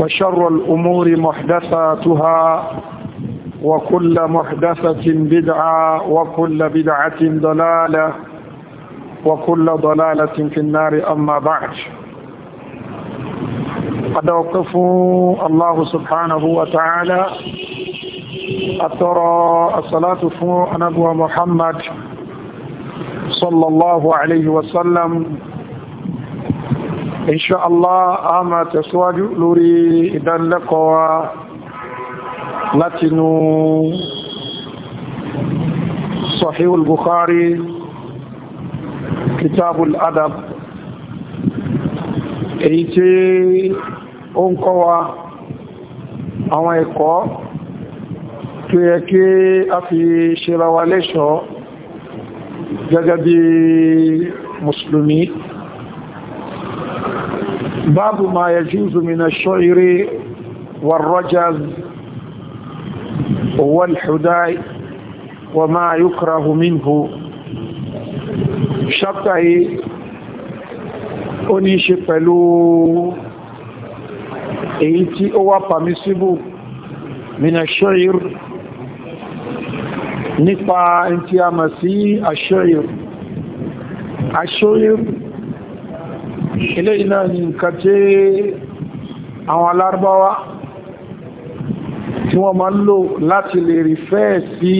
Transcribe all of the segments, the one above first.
وشر الأمور محدثاتها وكل محدثة بدعة وكل بدعة ضلالة وكل ضلالة في النار أما بعد قد وقفوا الله سبحانه وتعالى أترى الصلاة فوق نبوة محمد صلى الله عليه وسلم insha Allah a máa tẹ̀síwájú lórí ìdánilẹ́kọ̀ọ́ wa látinú Sahihul Bukhari Kitabul Adab èyí tí ó ń kọ́ wa àwọn ẹ̀kọ́ tó yẹ kí a fi ṣe ra wa lẹ́ṣọ́ gẹ́gẹ́ bí mùsùlùmí باب ما يجوز من الشعر والرجز والحداء وما يكره منه شطعي oníṣe pẹ̀lú èyí tí ó wá pàmísíbù min ash-shi'r nípa ẹni tí a mọ̀ sí ash-shi'r ilé iná ni nǹkan tí àwọn alárúbáwá tí wọ́n máa ń lò láti lè rí fẹ́ sí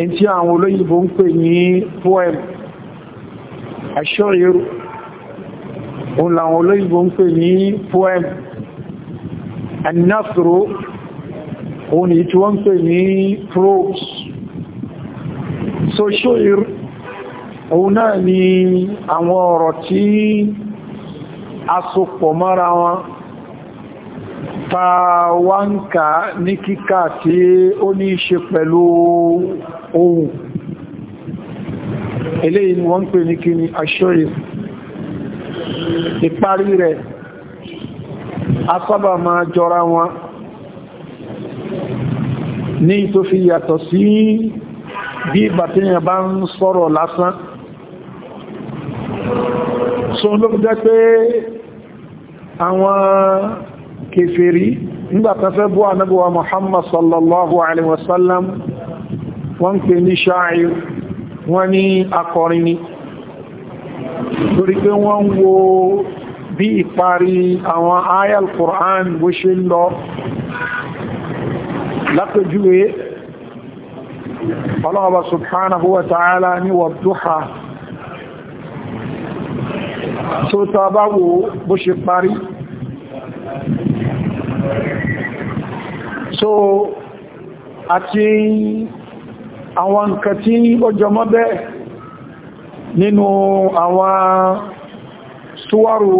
ẹni tí àwọn olóyìnbó ń pè ní poem aṣọ́yẹrù òun làwọn olóyìnbó ń pè ní poem annasro òun ni tí wọ́n ń pè ní prose so ṣọ́yẹrù òun náà ni àwọn ọ̀rọ̀ tí a sopọ̀ mọ́ra wọn ta wá ń kà ní kíkà tí ó ní ṣe pẹ̀lú ohun eléyìí ni wọ́n ń pè ní kí ni aṣọ́rì ìparí rẹ̀ a sábà jọra wọn ní tó fi yàtọ̀ sí bí ìgbà bá ń sọ̀rọ̀ lásán so ló jẹ́ pé àwọn kèfèrí nígbàtà fẹ́ bú anábúwa Muhammad sallallahu alaihi wasallam wọ́n pè ní sha'ir wọ́n ní akọrin ni torí pé wọ́n wo bí ìparí àwọn ayal Qur'an bó ṣe lọ lápẹjúwé Allah subhanahu wa ta'ala ni wàdúhà tó ta bá wo bó ṣe parí so àti àwọn nǹkan tí ó jọmọ́ bẹ́ẹ̀ nínú àwọn súwárò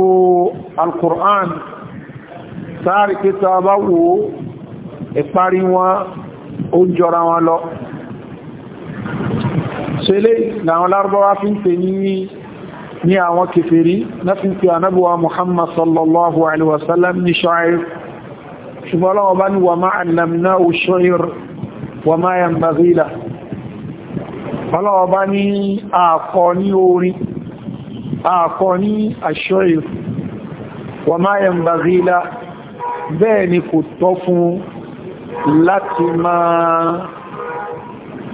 al-Qur'an sáàrì kíta bá wo ìparí wọn ó jọra wọn lọ ṣe lè làwọn lárúbáwá fi ń pè ní ní àwọn kèfèrí na fi fi anábúwa muhammad sallallahu alaihi wasallam ní sha'ir ṣùgbọ́n ọlọ́wọ́ bá ní wà máa annamna ò sha'ir wà máa yàn bazila ọlọ́wọ́ bá ní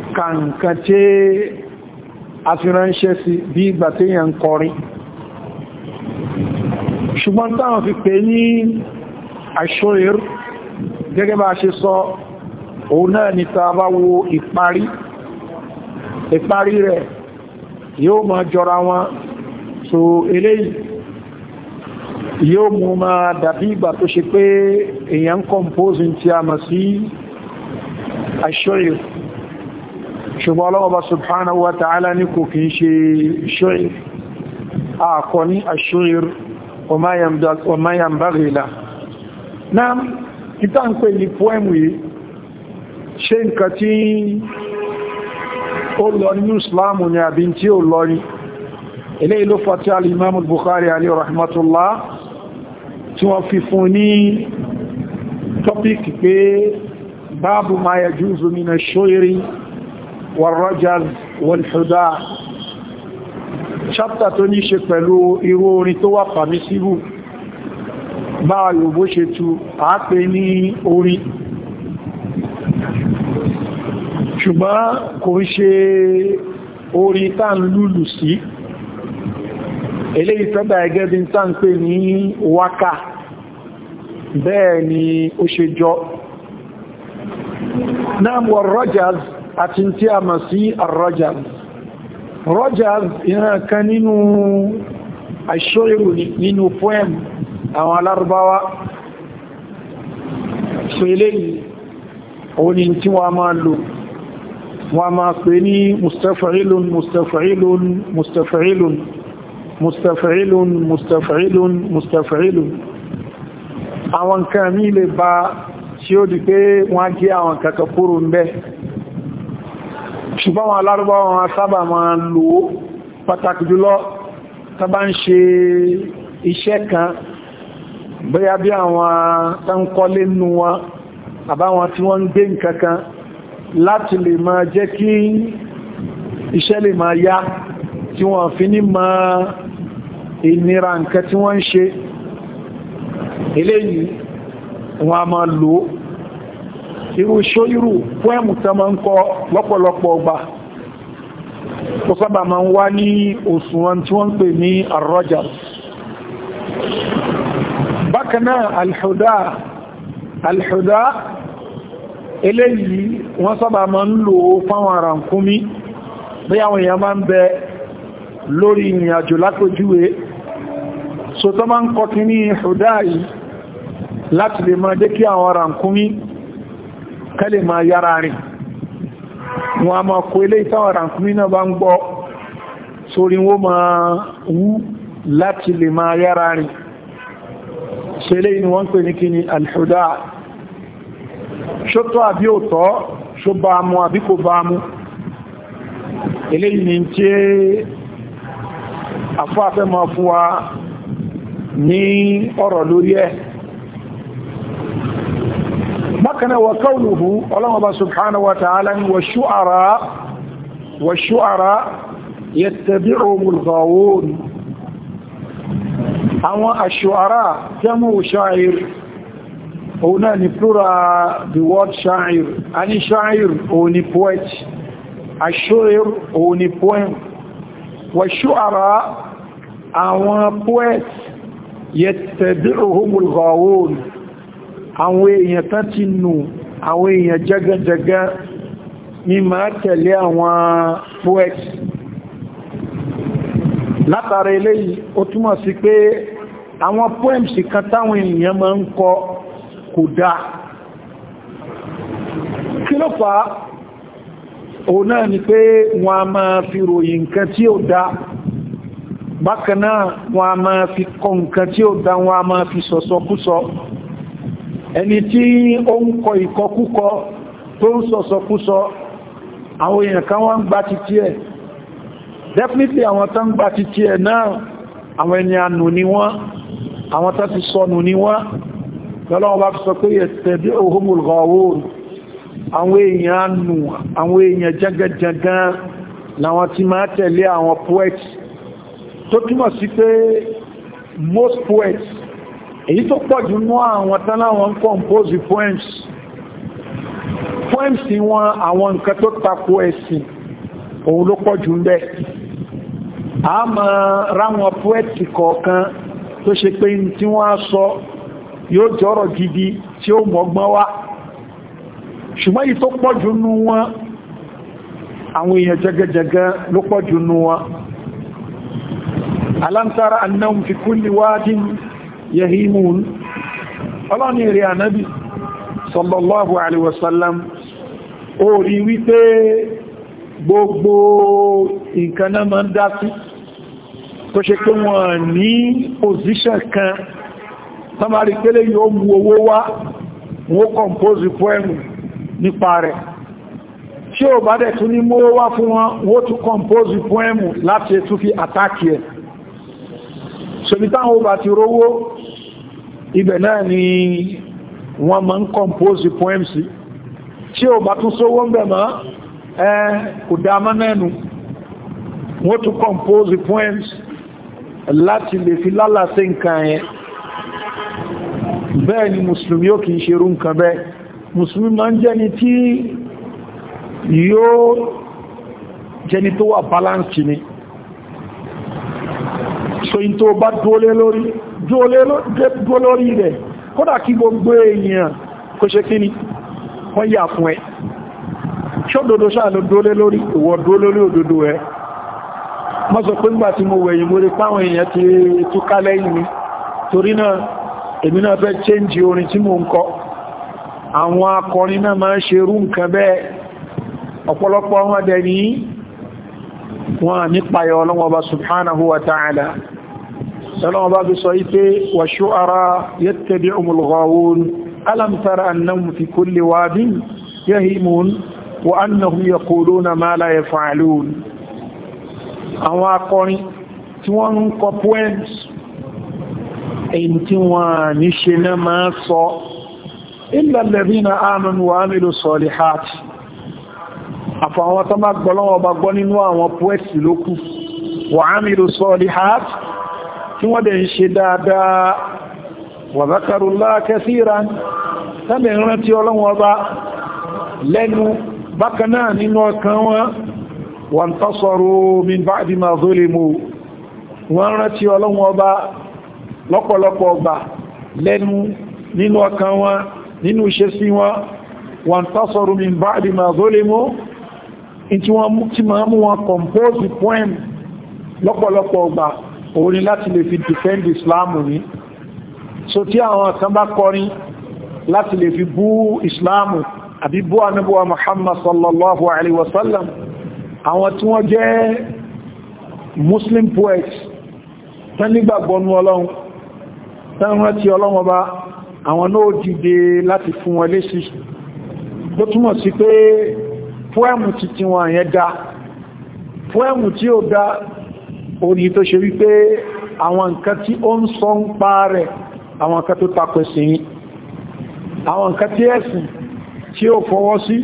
àkọ ní orin àfiránṣẹ́ sí bí ìgbà téèyàn ń kọrin ṣùgbọ́n táwọn fi pè ní àṣòrìr gẹ́gẹ́ bá ṣe sọ òun náà ni ta bá wo ìparí ìparí rẹ̀ yóò máa jọra wọn so eléyìí yóò mú ma dàbí ìgbà tó ṣe pé èèyàn kọmpósìn tí a mọ̀ sí àṣòrìr ṣùgbọ́n ọlọ́wọ́ba subhanahu wa ta'ala ní kò kìí ṣe ṣo'ir àkọ́ ní aṣo'ir ọmáyàn bàrìlá náà ìta ń pè ní poem yìí ṣe nǹkan tí ó lọ nínú islamu ni àbí tí ó lọ ní ilé ìlú fàtí al-imam al-bukhari alayhi rahmatullah tí والرجل والحداع ṣáptà tó ní ṣe pẹ̀lú irú orin tó wà pàmí síbù bá yòbó ṣe tu àápẹ ní orin ṣùgbọ́n kò ń ṣe orin tá ń lùlù sí eléyìí tọ́dá ẹgẹ́ bí tá ń pè ní wákà bẹ́ẹ̀ ni ó ṣe jọ náà wọ Rogers àti tí a mọ̀ sí ar-rajaz rajaz ìran kan nínú aṣọ́rò nínú poem àwọn alárúbáwá so eléyìí òun ni tí wọ́n máa lò wọ́n máa pè ní mustafa'ilun mustafa'ilun mustafa'ilun mustafa'ilun mustafa'ilun mustafa'ilun àwọn kan ní lè ba tí ó di pé wọ́n gé àwọn kakakúrò ń ṣùgbọ́n wọn alárúbọ́ wọn sábà máa ń lò ó pàtàkì jùlọ tó bá ń ṣe iṣẹ́ kan bóyá bí àwọn tánkọ́lé nù wọn àbáwọn tí wọ́n ń gbé nǹkankan láti lè máa jẹ́ kí iṣẹ́ lè máa yá tí wọ́n fi ní máa ìnira nǹkan tí wọ́n ń ṣe eléyìí wọ́n a máa lò ó irú ṣóyírù fúẹ́mù tán máa ń kọ lọ́pọ̀lọpọ̀ ọgbà ó sábà máa ń wá ní òṣùwọ̀n tí wọ́n ń pè ní àrọ́jà bákanáà alhuda alhuda eléyìí wọ́n sábà máa ń lò fáwọn àràǹkúmí bí àwọn èèyàn máa ń bẹ lórí ìrìn lápójúwé so tó máa ń kọkí ní huda yìí láti lè máa dé kí àwọn àràǹkúmí kálẹ̀ máa yára rìn wọn a máa kó ilé ìtawàrà kúmí náà bá ń gbọ́ sórí wọ́n máa wú láti lè máa yára rìn ṣe ilé inú wọ́n pè ní kí ni alhuda ṣótọ́ àbí òtọ́ ṣó bá mú àbí kò bá mú ilé ìní tí àfáàfẹ́ máa fún wa ní ọ̀rọ̀ lórí ẹ̀ bákanáà wa qawluhu ọlọ́wọ́ba subhanahu wa ta'ala ni wa shu'ara wa shu'ara yattabi'uhumul ghawun àwọn aṣu'ara jẹ́mù sha'ir òun náà ni plural the word sha'ir a ní sha'ir òun ni poet aṣu'ir òun ni poem wa shu'ara àwọn poet yattabi'uhumul ghawun àwọn èèyàn tán ti nù àwọn èèyàn jẹ́gẹ́jẹ́gẹ́ ní máa tẹ̀lé àwọn poet látara eléyìí ó túmọ̀ sí pé àwọn poems kan táwọn èèyàn máa ń kọ kò dáa kí ló fà á náà ni pé wọn a máa fi ròyìn nǹkan tí ó dá bákan wọn a máa fi kọ nǹkan tí ó dá wọn a máa fi sọ̀sọ̀kúsọ ẹni tí ó ń kọ ìkọkúkọ tó ń sọ̀sọ̀kúsọ àwọn èèyàn kan wọ́n ń gba títí ẹ̀ definitely àwọn tán gba títí ẹ̀ náà àwọn ẹni ànù ni wọ́n àwọn tán ti sọnù ni wọ́n lọ́lọ́wọ́ bá fi sọ pé ẹ̀tẹ̀dẹ́ ohun most poets èyí tó pọ̀jù mọ́ àwọn tánáwọn kọmpóòsì poems poems wọn àwọn nǹkan tó tako ẹ̀sìn òun ló pọ̀jù ń a mọ̀ ráwọn poẹ́tì kọ̀ọ̀kan tó ṣe pé tí wọ́n sọ yóò jọ́rọ̀ gidi tí ó mọ̀gbọ́n wá ṣùgbọ́n yìí tó yahimun ọlọ́ni rẹ̀ ànábì sallallahu alaihi wasallam ó rí wípé gbogbo nǹkan náà ma ń dá sí tó ṣe pé wọ́n ní position kan tọ́mà rí pélé yóò mú owó wá wọ́n kọmpósì poem nípa rẹ̀ ṣé ò bá dẹ̀ tún ní mú owó wá fún wọn wọ́n tún kọmpósì poem láti ẹ̀ ibẹ̀ náà ni wọ́n máa ń compose poems tí o bá tún sówó ń bẹ̀ mọ́ ẹ kò dámọ́ mẹ́nu wọ́n tún compose poems láti lè fi lálàsẹ́ nǹkan yẹn bẹ́ẹ̀ ni mùsùlùmí ó kìí ṣerú nǹkan bẹ́ẹ̀ mùsùlùmí máa ń jẹni tí yóò jẹni tó wà balance ni so in tó bá dúólé lórí dúó lórí rẹ̀ kódà kí gbogbo èèyàn kò ṣe kí ni wọ́n yà fún ẹ ṣódodo ṣáà ló dúó lé lórí ìwọ dúó lórí òdodo ẹ mọ́ sọ pé ńgbà tí mo wẹ̀yìn mo rí páwọn èèyàn ti túká lẹ́yìn mi torí náà èmi náà fẹ́ change orin tí mo ń kọ àwọn akọrin náà máa ń ṣe rú nǹkan bẹ́ẹ̀ ọ̀pọ̀lọpọ̀ wọn dẹ̀ ní wọn nípa ẹ̀ subhanahu wa ta'ala سلام باب صيفي والشعراء يتبعهم الغاوون ألم تر أنهم في كل واد يهيمون وأنهم يقولون ما لا يفعلون àwọn akọrin tí wọ́n ń kọ poems èyí tí wọ́n ní ṣe náà máa sọ illa alladhina amanu wa amilu salihat àfàwọn tó má gbọ́lọ́wọ́ bá gbọ́ nínú àwọn poets lókù wa amilu salihat tí wọ́n dẹ̀ ń ṣe dáadáa wa zakarullaha kathiran tàbí ìrántí ọlọ́wọ́ ọba lẹ́nu bákanáà nínú ọkàn wọn wọ́n tọ́sọ̀rọ̀ min ba'di ma zulimu wọ́n rántí ọlọ́wọ́ ọba lọ́pọ̀lọpọ̀ ọba lẹ́nu nínú ọkàn wọn nínú ìṣesí wọn wọ́n tọ́sọ̀rọ̀ min ba'di ma zulimu in tí wọ́n mú wọn compose poem lọ́pọ̀lọpọ̀ ọgbà òun ni láti lè fi defend islam ní so tí àwọn kan bá kọrin láti lè fi bú islam àbí bú anábúwa muhammad sallallahu alaihi wasallam àwọn tí wọ́n jẹ́ muslim poets tán nígbàgbọ́nú ọlọ́run tán rántí ọlọ́run ọba àwọn náà dìde láti fún wọn lésì ló túnmọ̀ sí pé fúẹ̀mù títí wọn yẹn dá fúẹ̀mù tí ó dá orí tó ṣe wípé àwọn nǹkan tí ó ń sọ ń pa rẹ̀ àwọn nǹkan tó tako ẹ̀sìn yìí àwọn nǹkan tí ẹ̀sìn tí ó fọwọ́ sí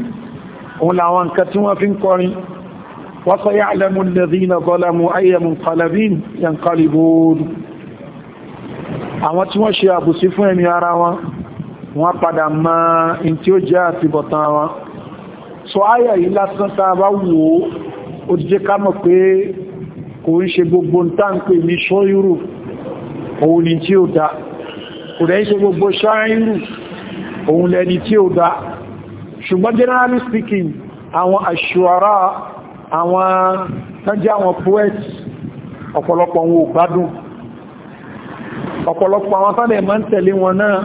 òun làwọn nǹkan tí wọ́n fi ń kọrin wa saya'lamu alladhina zalamu ó jẹ́ ká mọ̀ pé kò ń ṣe gbogbo táǹpé ní ṣọ́yúrù òun ni tí ó dá kò rẹ̀ ń ṣe gbogbo ṣáyúrù òun lẹ́ni tí ó dá ṣùgbọ́n generally speaking àwọn àṣùwárá àwọn tánjẹ́ àwọn poets ọ̀pọ̀lọpọ̀ wọn ò gbádùn ọ̀pọ̀lọpọ̀ àwọn tánẹ̀ máa ń tẹ̀lé wọn náà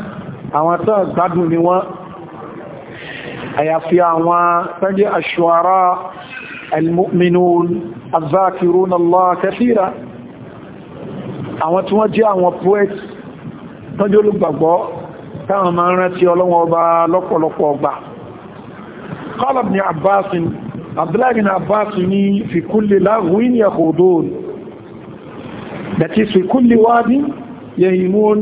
àwọn tán gbádùn ni wọ́n àyàfi àwọn tánjẹ́ àṣùwárá المؤمنون الذاكرون الله كثيرا àwọn tí wọ́n jẹ́ àwọn poets tọ́jú olùgbàgbọ́ táwọn máa rántí ọlọ́wọ́ ọba lọ́pọ̀lọpọ̀ ọgbà قال ابن عباس عبد الله بن عباس في كل لغو يخوضون that is في كل واد يهيمون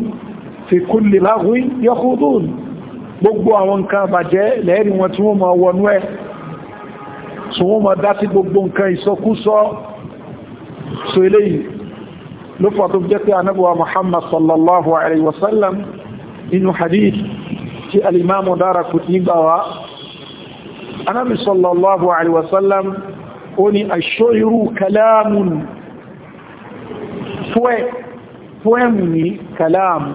في كل لغو يخوضون gbogbo àwọn nǹkan àbàjẹ́ lẹ́ẹ̀rí wọn tí wọ́n máa wọnú so wọ́n ma dá sí gbogbo nǹkan ìsọkúsọ so eléyìí ló fà tó jẹ́ pé anábọ̀wà Muhammad sallallahu alaihi wasallam inú hadith tí alimamu dára kù ti gbà wá anábi sallallahu alaihi wasallam ó ní aṣóirú kalamun fúẹ̀mù ní kalamu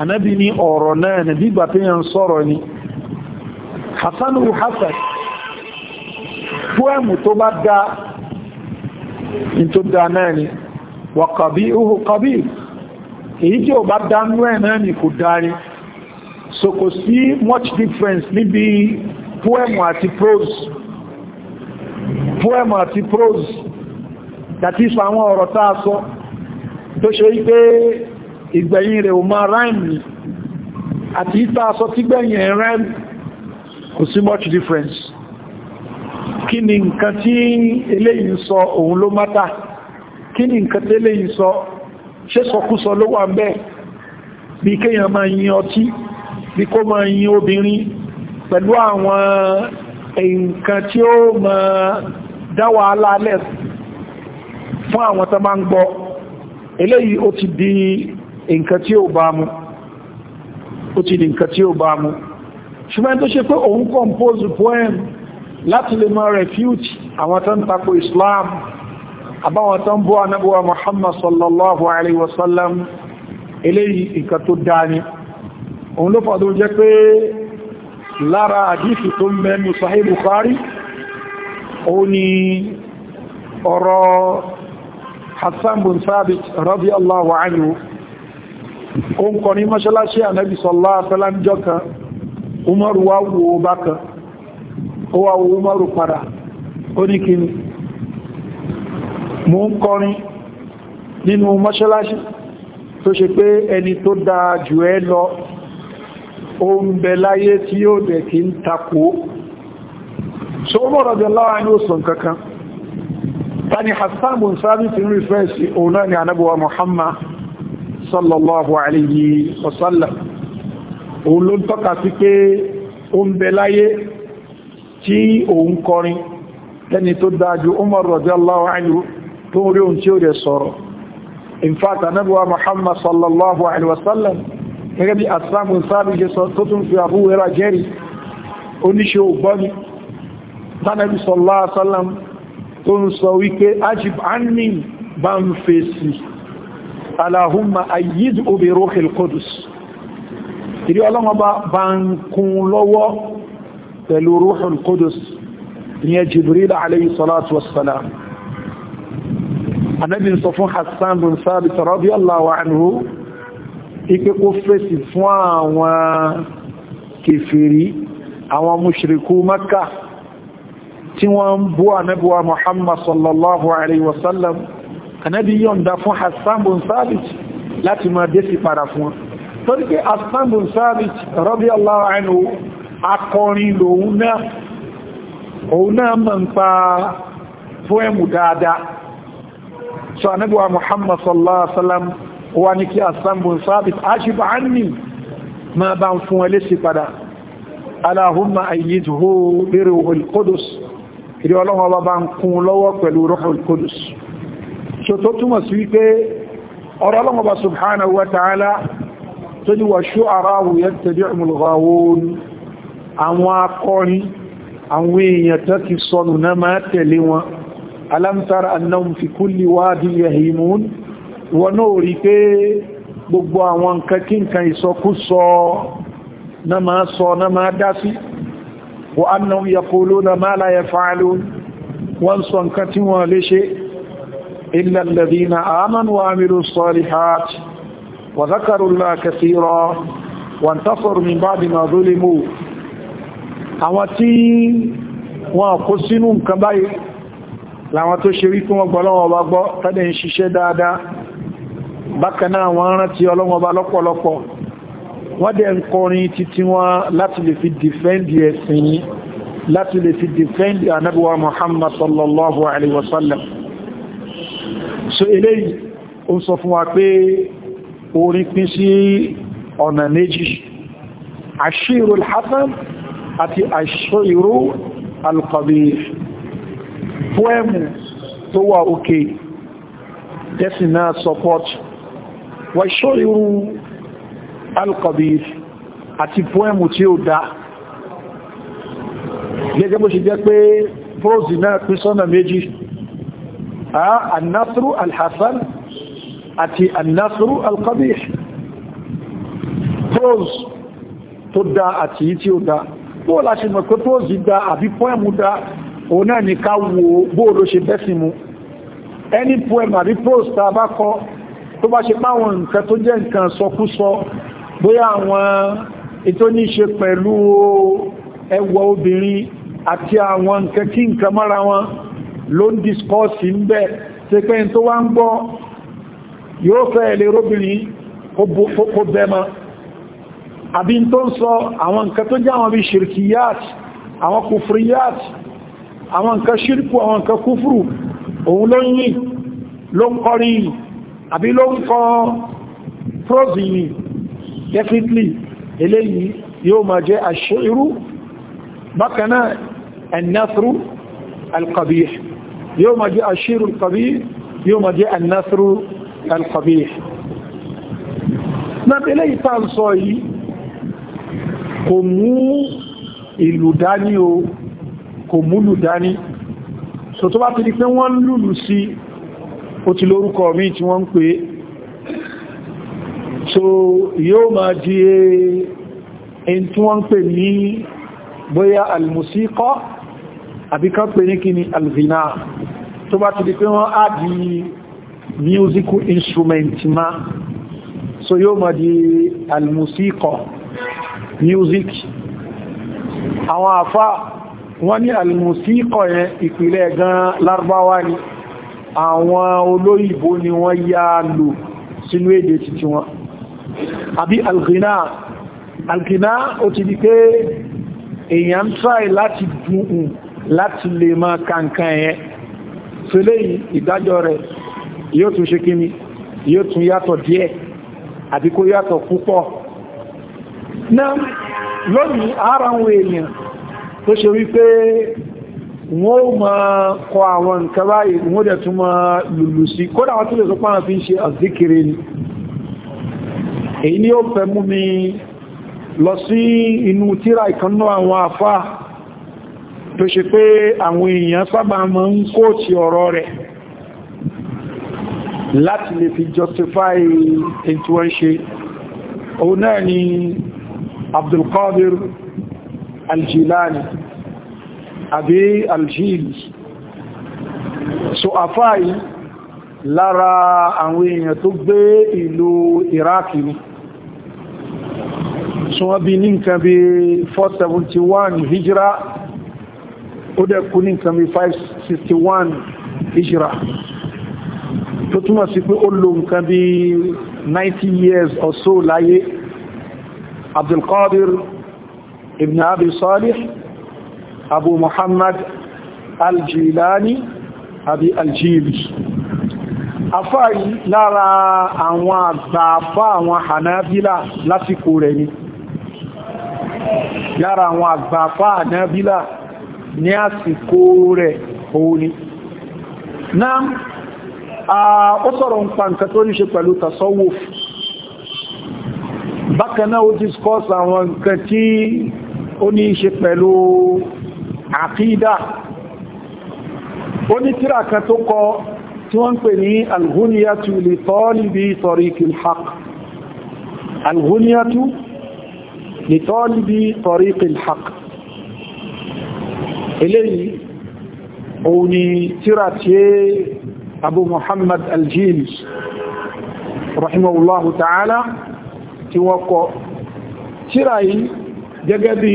anábi ní ọ̀rọ̀ náà nàbí gbà tí ni hasanu hasan fúẹ̀mù tó bá dá in tó dá náà ni wà kàbí ihò kàbí èyí tí ó bá dá nú ẹ̀ kò dárí so kò sí much difference níbi fúẹ̀mù àti prose fúẹ̀mù àti prose dàtí sọ àwọn ọ̀rọ̀ tá a sọ tó ṣe wípé ìgbẹ̀yìn rẹ̀ ò máa ráìmì àti ìta tí gbẹ̀yìn rẹ̀ kò sí much difference kí ni nǹkan tí eléyìí sọ òun ló mátà kí ni nǹkan tí eléyìí sọ ṣe sọkúsọ ló wà ń bẹ bí kéèyàn máa yin ọtí bí kó máa yin obìnrin pẹ̀lú àwọn nǹkan tí ó máa dá wàhálà alẹ́ fún àwọn tó máa ń gbọ́ eléyìí ó ti di nǹkan tí ó bá mu ó ti di nǹkan tí ó bá mu ṣùgbọ́n tó ṣe pé òun compose poem láti lè máa refuge àwọn tó ń tako islam àbáwọn tó ń bú anábúwa muhammad sallallahu alaihi wasallam eléyìí ìkà tó dáni òun ló fàdó jẹ́ pé lára àdífì tó ń bẹnu sahih bukhari òun ni ọ̀rọ̀ hassan bin sabit radiyallahu anhu òun kọ ní mọ́ṣálásí anábi sallallahu alaihi wasallam jọ́ka umaru wa wo bákan ó wá wo umaru padà ó ní kí ni mò ń kọrin nínú mọ́ṣáláṣí tó ṣe pé ẹni tó dáa jù ẹ́ lọ ó ń bẹ láyé tí ó dẹ̀ kí ń takò so Umar radiyallahu anhu sọ kankan tani Hassan bin Sabit ń rí fẹ́ sí òun náà ni anábọ̀wà Muhammad sallallahu alayhi wasallam sallam òun ló ń tọ́ka sí pé ó bẹ láyé tí òun kọrin lẹ́ni tó dájú Umar radiyallahu anhu tó rí ohun tí ó rẹ̀ sọ̀rọ̀ in fact anabuwa Muhammad sallallahu alaihi wasallam gẹ́gẹ́ bí asamun sáàbì jẹ́ sọ tó tún fi àbúwẹ́ra jẹ́rì oníṣẹ́ ògbọ́ni tánàbí sallallahu alaihi wasallam tó ń sọ wípé ajib anni bá ń fèsì alahumma pẹ̀lú ruhul qudus ìyẹn jibril alayhi salatu wassalam anabi sọ fún hassan bin sabit radiyallahu anhu ipe kó fèsì fún àwọn kèfèrí àwọn mushriku makka tí wọ́n ń bú ànábíwá Muhammad sallallahu alaihi wasallam ànábí yọ̀nda fún Hassan bin Sabit láti máa dé sí padà fún wọn torí akọrin lòun náà òun náà mọ̀ ń pa fóẹ̀mù dáadáa so anábíwa muhammad sallallahu alaihi wasallam wa ní kí asambun sabit aṣíbà án ní ma bá ń fún ẹlẹ́sì padà aláhùnmá ayyidhu bi ruhul qudus ìdí ọlọ́wọ́ bá bá ń kún lọ́wọ́ pẹ̀lú ruhul qudus so tó túmọ̀ sí wípé ọ̀rọ̀ ọlọ́wọ́ bá subhanahu wa ta'ala tó ní wa shu'ara'u àwọn akọrin àwọn èèyàn tó ti sọnù náà máa tẹ̀lé wọn alamtara annahum fi kulli wadin yahimun wọn náà rí pé gbogbo àwọn nǹkan kí nǹkan ìsọkúsọ náà máa sọ náà máa dá sí wa annahum yaquluna ma la yaf'alun wọ́n sọ nǹkan tí wọ́n lè ṣe illa alladhina amanu àwọn tí wọ́n kó sínú nǹkan báyìí láwọn tó ṣe wípé wọ́n gbọ́lọ́wọ́ bá gbọ́ tọ́dẹ̀ ń ṣiṣẹ́ dáadáa bákanáà wọ́n rántí ọlọ́wọ́ bá lọ́pọ̀lọpọ̀ wọ́n dẹ̀ ń kọrin títí wọn láti lè fi dìfẹ́ndì ẹ̀sìn yìí láti lè fi dìfẹ́ndì anábíwá àti àṣírú alqabih poem tó wà òkè tẹ́sì náà support wà ṣírú alqabih àti poem tí ó dá gẹ́gẹ́ bó ṣe jẹ́ pé prose náà pín sọ́nà méjì annasru alhassan àti annasru alqabih prose tó dá àti tí ó dá bó láti mọ̀ pé póòsì dá àbí pọ́ẹ̀mù dá òun náà ní ká wo bó ló ṣe bẹ́sì mu ẹni pọ́ẹ̀mù àbí póòsì tá a bá kọ tó bá ṣe páwọn nǹkan tó jẹ́ nǹkan sọkúsọ bóyá àwọn ètò ní ṣe pẹ̀lú ẹwà obìnrin àti àwọn nǹkan kí nǹkan mọ́ra wọn ló ń discourse ń bẹ́ tí pé tó wá ń gbọ́ yóò fẹ́ lè kó bẹ́ẹ̀ máa àbí tó ń sọ àwọn nǹkan tó jẹ́ àwọn bí shirkiyat àwọn kufriyat àwọn nǹkan shirku àwọn nǹkan kúfùrù òun ló ń yí ló ń kọrí àbí ló ń kọ prose yìí definitely eléyìí yóò máa jẹ́ àṣírú bákanáà annasru alkabih yóò máa jẹ́ àṣírú alkabih yóò máa jẹ́ annasru alkabih náà eléyìí tàà sọ yìí kò mú ìlú dání o kò múlù dání so tó bá ti di pé wọ́n ń lùlù sí ó ti lórúkọ mi tí wọ́n ń pè so yóò máa di e, ẹni tí wọ́n ń pè ní bóyá almusiqa àbí pè ní kíni alvina tó bá ti di pé wọ́n á di musical instrument ma so yóò máa di almusiqa music àwọn àfá wọ́n ní alìmùsíkọ̀ yẹn ìpìlẹ̀ gan lárúbáwá ni àwọn olóyìnbó ni wọ́n yá lò sínú èdè títí wọn àbí alghina alghina ó ti di pé èyàn tráì láti dùn láti lè máa kankan yẹn fẹ́lẹ̀ ìdájọ́ rẹ̀ yóò tún ṣe kíni yóò tún yàtọ̀ díẹ̀ àbí yàtọ̀ púpọ̀ Na lónìí ara àwọn èèyàn tó ṣe wípé wọ́n ó ma kọ àwọn nǹkan báyìí wọ́n dẹ̀ tún ma lùlù sí kódà wọ́n tó lè sọpá àfi ń ṣe àzíkiri ni èyí ni ó fẹ́ mú mi lọ sí inú tíra ìkanná àwọn afá tó ṣe pé àwọn èèyàn sábà máa ń kóòtì ọ̀rọ̀ rẹ̀ láti lè fi justify ètò ẹ̀ṣe òun náà ni abdulkadir aljilani àbí aljili so àfáì lára àwọn èèyàn tó gbé ìlú iraki ni so wọ́n bí ní nǹkan bí 471 hijira ó dẹ̀ kú ní nǹkan bí 561 hijira tó túmọ̀ sí pé ó lò nǹkan bí 90 years or so láyé like عبد القادر ابن أبي صالح أبو محمد الجيلاني أبي الجيلي afá yìí lára àwọn àgbà afá àwọn Hanabila lásìkò rẹ̀ ni lára àwọn àgbà afá Hanabila ní àsìkò rẹ̀ òun ni náà ó sọ̀rọ̀ nǹkan tó ní ṣe pẹ̀lú tasawuf bákaná ó discuss àwọn nǹkan tí ó ní ṣe pẹ̀lú àkídà ó ní tírà kan tó kọ tí wọ́n ń pè ní alhuniyatu li talibi tariqil haq alhuniyatu li talibi tariqil haq eléyìí òun ni tírà tí abu muhammad aljins rahimahullahu ta'ala tí wọ́n kọ tírà yìí gẹ́gẹ́ bí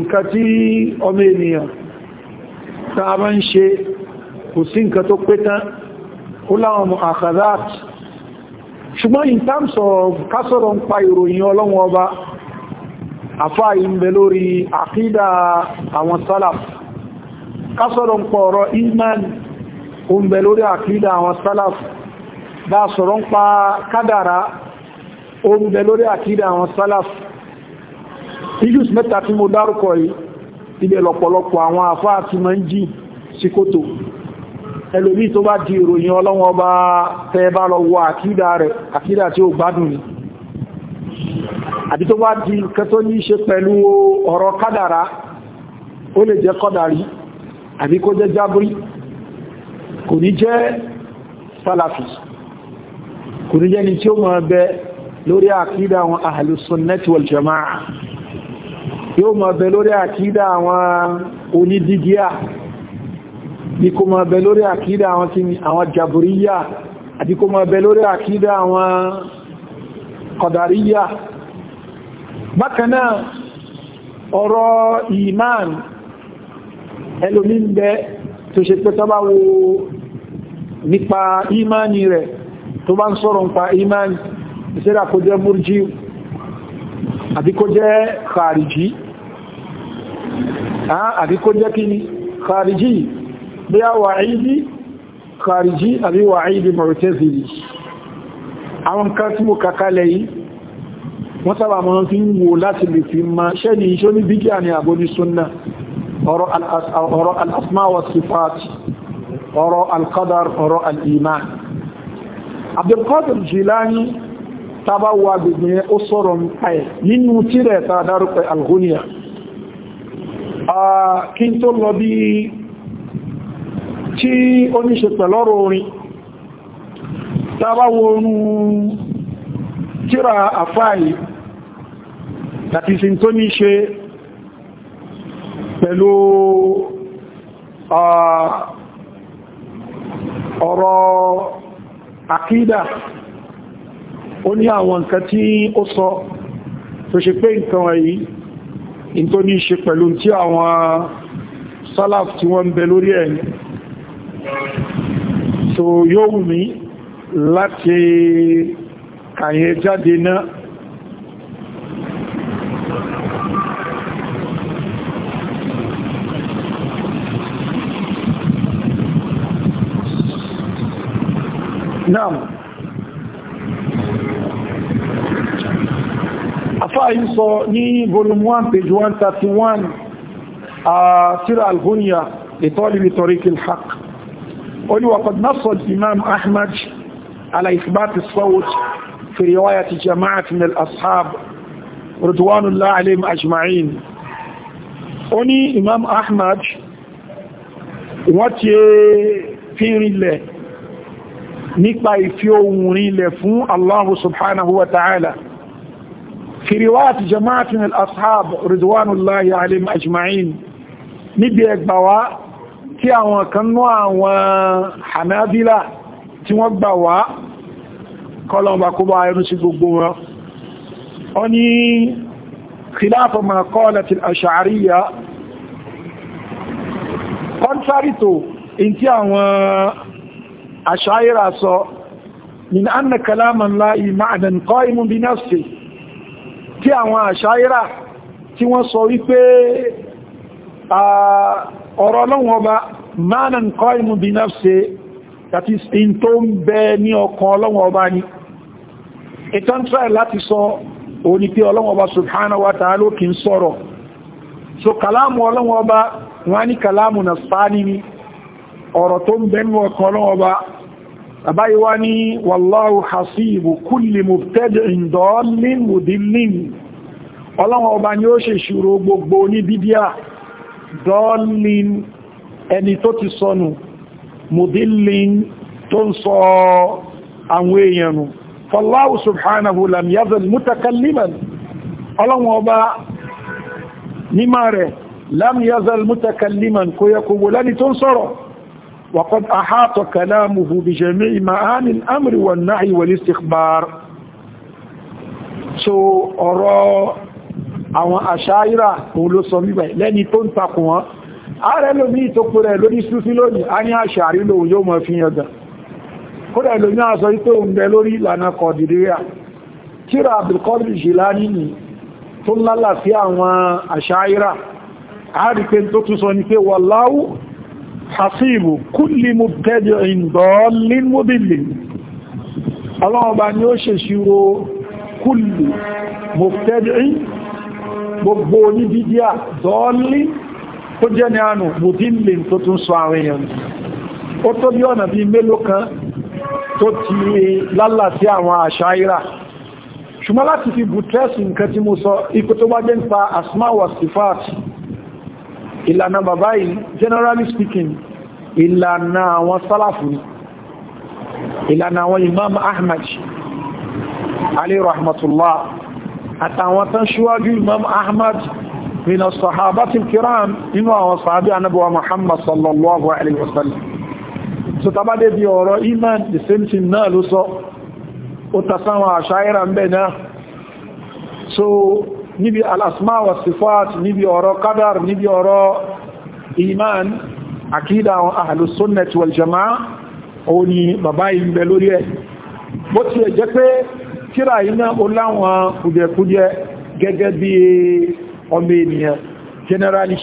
nǹkan tí ọmọ ènìyàn tàà bá ń ṣe kò sí nǹkan tó pé tán ó láwọn ọmọ àkàzát ṣùgbọ́n in terms of kásọ̀rọ̀ ń pa ìròyìn ọlọ́wọ́n ọba àfá ìbẹ̀ lórí àkídà àwọn sálàf kásọ̀rọ̀ ń pọ̀ ọ̀rọ̀ iman ó lórí àkídà àwọn sálàf bá sọ̀rọ̀ ń pa kádàrá ó ń bẹ lórí àkídà àwọn salaf issues mẹ́ta tí mo dárúkọ yìí ibẹ̀ lọ́pọ̀lọpọ̀ àwọn àfáà ti máa ń jí sí ẹlòmí tó bá di ìròyìn ọlọ́wọ́ bá tẹ́ bá lọ wọ àkídà rẹ̀ àkídà tí ó gbádùn ni àbí tó bá di nǹkan tó ní ṣe pẹ̀lú ọ̀rọ̀ kádàrá ó lè jẹ́ kọ́dàrí àbí kó jẹ́ jábúrí kò ní jẹ́ sálàfì kò ní jẹ́ ni tí ó mọ̀ bẹ́ẹ̀ lórí àkídà àwọn ahàlùsùnnẹ́tì wal jama'a yóò máa bẹ lórí àkídà àwọn onídígíà bí kó máa bẹ lórí àkídà àwọn jàbúríyà àti kó máa bẹ lórí àkídà àwọn kọ̀dàríyà bákanáà ọ̀rọ̀ iman ẹlòmí ń bẹ tó ṣe pé tọ́bá nípa imani rẹ̀ tó bá ń sọ̀rọ̀ nípa imani ìṣẹ́dá kó jẹ́ múrjí àbí kó jẹ́ kàríjí àbí kó jẹ́ kí kàríjí bí a wà ìdí kàríjí àbí wà ìdí mọ̀rọ̀tẹ́sìlì àwọn kan tí mo kàkálẹ̀ yìí wọ́n sábà mọ́ fi ń wo láti lè fi ma ṣẹ́ ni iṣẹ́ ní bíkí àni àbò ní súnnà ọ̀rọ̀ al'asma wa sifat ọ̀rọ̀ al'qadar ọ̀rọ̀ al'iman abdulkadir tàbá wà gbogbo yẹn ó sọ̀rọ̀ nípa ẹ̀ nínú tí rẹ̀ ta dárúkọ alghonia kí n tó lọ bí tí ó ní ṣe pẹ̀lọ́rọ̀ orin tàbá wo orú tíra àfáàyè tàbí sin tó ní ṣe pẹ̀lú ọ̀rọ̀ àkídà ó ní àwọn nǹkan tí ó sọ tó ṣe pé nǹkan wọ̀nyí in tó ní ṣe pẹ̀lú tí àwọn salaf tí wọ́n ń bẹ lórí ẹ̀yìn so yóò wù mí láti kàyẹ jáde náà Naam. àfáà yìí sọ ní volume 1 page 131 àṣírà al-Ghunya لطالب طريق الحق قل وقد نص الإمام أحمد على إثبات الصوت في رواية جماعة من الأصحاب رضوان الله عليهم أجمعين أني إمام أحمد واتي في رله نقبع في يوم رله فون الله سبحانه وتعالى في رواية جماعة من الأصحاب رضوان الله عليهم أجمعين نبيك أكبوا تي أوان كنوا وحنابلة تي وكبوا قالوا بكبوا يرسي قبوا أني خلاف ما قالت الأشعرية contrary to in ti àwọn ashaira so min anna kalaman la'i ma'adan tí àwọn àṣáírà tí wọ́n sọ wípé ọ̀rọ̀ ọlọ́run ọba manan kọ́ imú bí náfṣe àti in tó ń bẹ ní ọkàn ọlọ́run ọba ni ìtàn try láti sọ òní pé ọlọ́run ọba subhana wa ta'ala kì ń sọ̀rọ̀ so kàlámù ọlọ́run ọba wọ́n ní na spani ni ọ̀rọ̀ tó ń bẹ ní ọkàn ọlọ́run ọba bàbá ìwá ní wallahu hasibu kulli mubtadi'in dalin mudillin ọlọ́wọ́ ọba ni ó ṣe ṣúrò gbogbo ní bídíà dalin ẹni tó ti sọnù mudillin tó ń sọ àwọn èèyàn nù fallahu subhanahu lam yazal mutakalliman kó yẹ kó wò lẹ́ni tó ń sọ̀rọ̀ وقد أحاط كلامه بجميع معاني الأمر والنهي والاستخبار so ọ̀rọ̀ àwọn àṣáírà òun ló sọ mìíbà lẹ́ni tó ń takùn wọn ààrẹ lómi tó pẹ̀rẹ̀ lórí súfí lónìí a ní àṣàrí lòun yóò mọ̀ fi yọ̀dà kódà lómi àṣọ ipé òun bẹ lórí ìlànà kọ̀dìríà hasibu kulli mubtadi'in dalin mudillin ọlọ́run bá ni ó ṣe ṣírò kulli mubtadi'in gbogbo ní dídíà dalin tó jẹ́ ní ànù mudillin tó tún sọ àwọn èèyàn ó tó bí ọ̀nà bí ṣùgbọ́n láti fi bùtẹ́sì nǹkan tí mo sọ ipò tó wájẹ́ nípa asma wa sifati ìlànà bàbá yìí generally speaking ìlànà àwọn sálàfù ìlànà àwọn imam ahmad alayhi rahmatullah àtàwọn tán ṣíwájú imam ahmad min as-sahabati al-kiram inú àwọn sahabi ànábì wa muhammad sallallahu alaihi wasallam so tá bá dé bí ọ̀rọ̀ iman the same thing náà ló sọ ó tasáwọn àṣáyíra ń náà so níbi al-asma wa sifat níbi ọ̀rọ̀ qadar níbi ọ̀rọ̀ iman akida àwọn ahlus sunnah wal jamaa òun ni bàbá yìí bẹ lórí ẹ̀ bó ti jẹ́ pé kíra iná ó láwọn kùdẹ̀kùdẹ̀ gẹ́gẹ́ bí ọmọ ènìyàn generally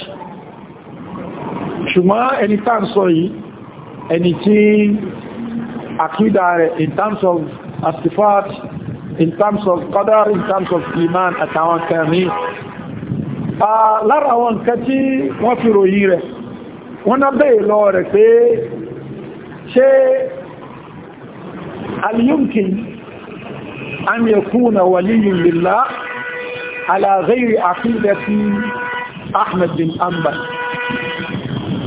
ṣùgbọ́n ẹni tàn sọ yìí ẹni tí akida rẹ̀ in terms of asifat in terms of qadar in terms of iman àtàwọn kẹrin lára àwọn nǹkan tí wọ́n fi ròyìn rẹ̀ wọ́n náà bèèrè lọ rẹ̀ pé ṣe al-yumkin an yakuna waliyyun lillah ala ghayri aqidati ahmed bin ambal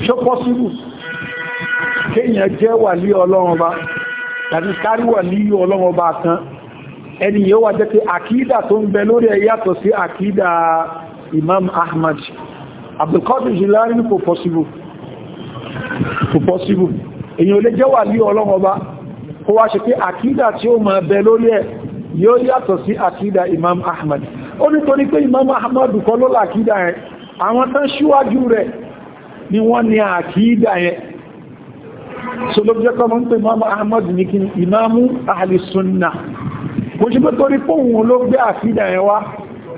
ṣe pọ́sílù kéèyàn jẹ́ wàlí ọlọ́run ọba tàbí kárí wàlí ọlọ́run ọba kan ẹni yóò wá jẹ́ pé àkídà tó ń bẹ lórí ẹ yàtọ̀ sí àkídà Imam Ahmad Abdulkadir Jilani kò possible kò possible èyàn olè jẹ́ wà ní ọlọ́run ọba kó wá ṣe pé àkídà tí ó máa bẹ lórí ẹ yóò yàtọ̀ sí àkídà Imam Ahmad ó nítorí pé Imam Ahmad kọ́ ló làkídà yẹn àwọn tán síwájú rẹ̀ ni wọ́n ní àkídà yẹn so mọ́ ń pè Imam Ahmad ní kí Imamu Ahli kò ṣe pé torí fóhùn olóògbé àfídà ẹ̀ wá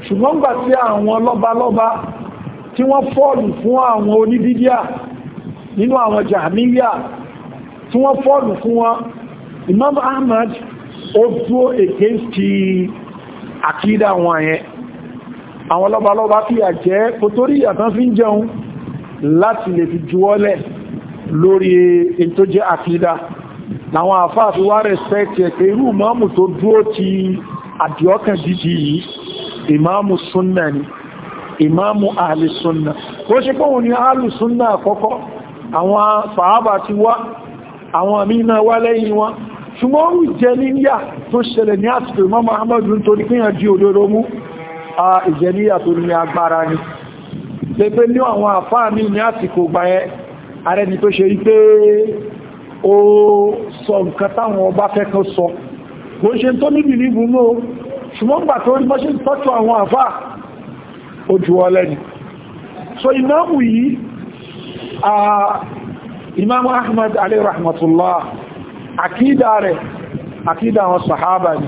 ṣùgbọ́n gbà tí àwọn lọ́balọ́ba tí wọ́n fọ́ọ̀lù fún àwọn onídídíà nínú àwọn jàmíyà tí wọ́n fọ́ọ̀lù fún wọn Imam Ahmad ó dúó against àkídà wọn yẹn àwọn lọ́balọ́ba fi àjẹ́ kò torí ìyàtán fi ń jẹun láti lè fi juwọ́lẹ̀ lórí èyí jẹ́ àkídà làwọn àfáà fi wá respect ẹ̀ pé irú ìmáàmù tó dúró ti àdìọ́kàn dídì yìí ìmáàmù súnnà ni ìmáàmù ahli súnnà tó ṣe pọ́ òun ni ahli súnnà àkọ́kọ́ àwọn sàhábà ti wá àwọn àmìnà wá lẹ́yìn wọn ṣùgbọ́n ó jẹ níyà tó ṣẹlẹ̀ ní àsìkò ìmáàmù Ahmadu nítorí a ìjẹníyà ni pẹ̀pẹ́ ní àwọn àfáà ó sọ nǹkan táwọn ọba kẹ́kọ̀ọ́ sọ kò ṣe tó níbi níbu náà ṣùgbọ́n gbà tó rí mọ́ṣe tọ́tù àwọn àfá ojú ọlẹ́ni so imamu yìí a imamu ahmad rahmatullah rẹ̀ àwọn sahaba ni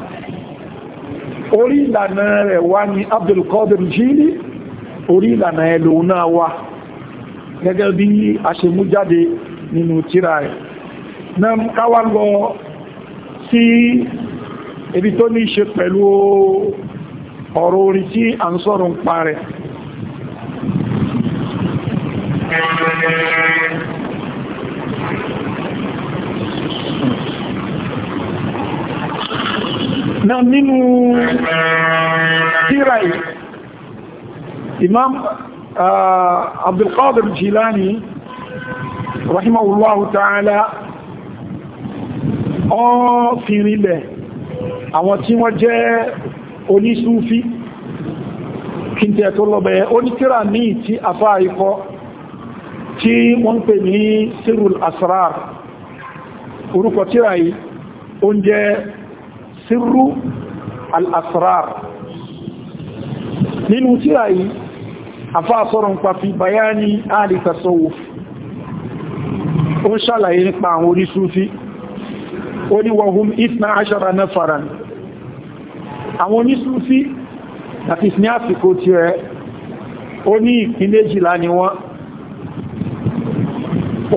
orí ìlànà rẹ̀ wá ní abdulkadir jini orí ìlànà ẹlòun náà wá gẹ́gẹ́ bí a nínú na káwà lọ sí ibi tó ní ṣe pẹ̀lú ọ̀rọ̀ orí tí a ń sọ̀rọ̀ ń pa rẹ̀ na nínú tíra imam ah, abdulkadir jilani rahimahullahu ta'ala ọ́fìnrin lẹ̀ àwọn tí wọ́n jẹ́ onísúfí kí n tẹ́ tó lọ bẹ̀yẹ onítírà ní tí afá ikọ́ tí wọ́n pè ní sirul asrar orúkọ tíra yìí ó ń jẹ́ sirru al-asrar nínú tíra yìí afá sọ́rọ̀ ń pàfi bayani alìtasọ́wò ó ń ṣàlàyé nípa àwọn onísúfí ó ní wọ́hún ìtìna aṣọ́ra náà fara ní àwọn onísúfí àti ní àsìkò tí ẹ ó ní ìpín méjìlá ni wọ́n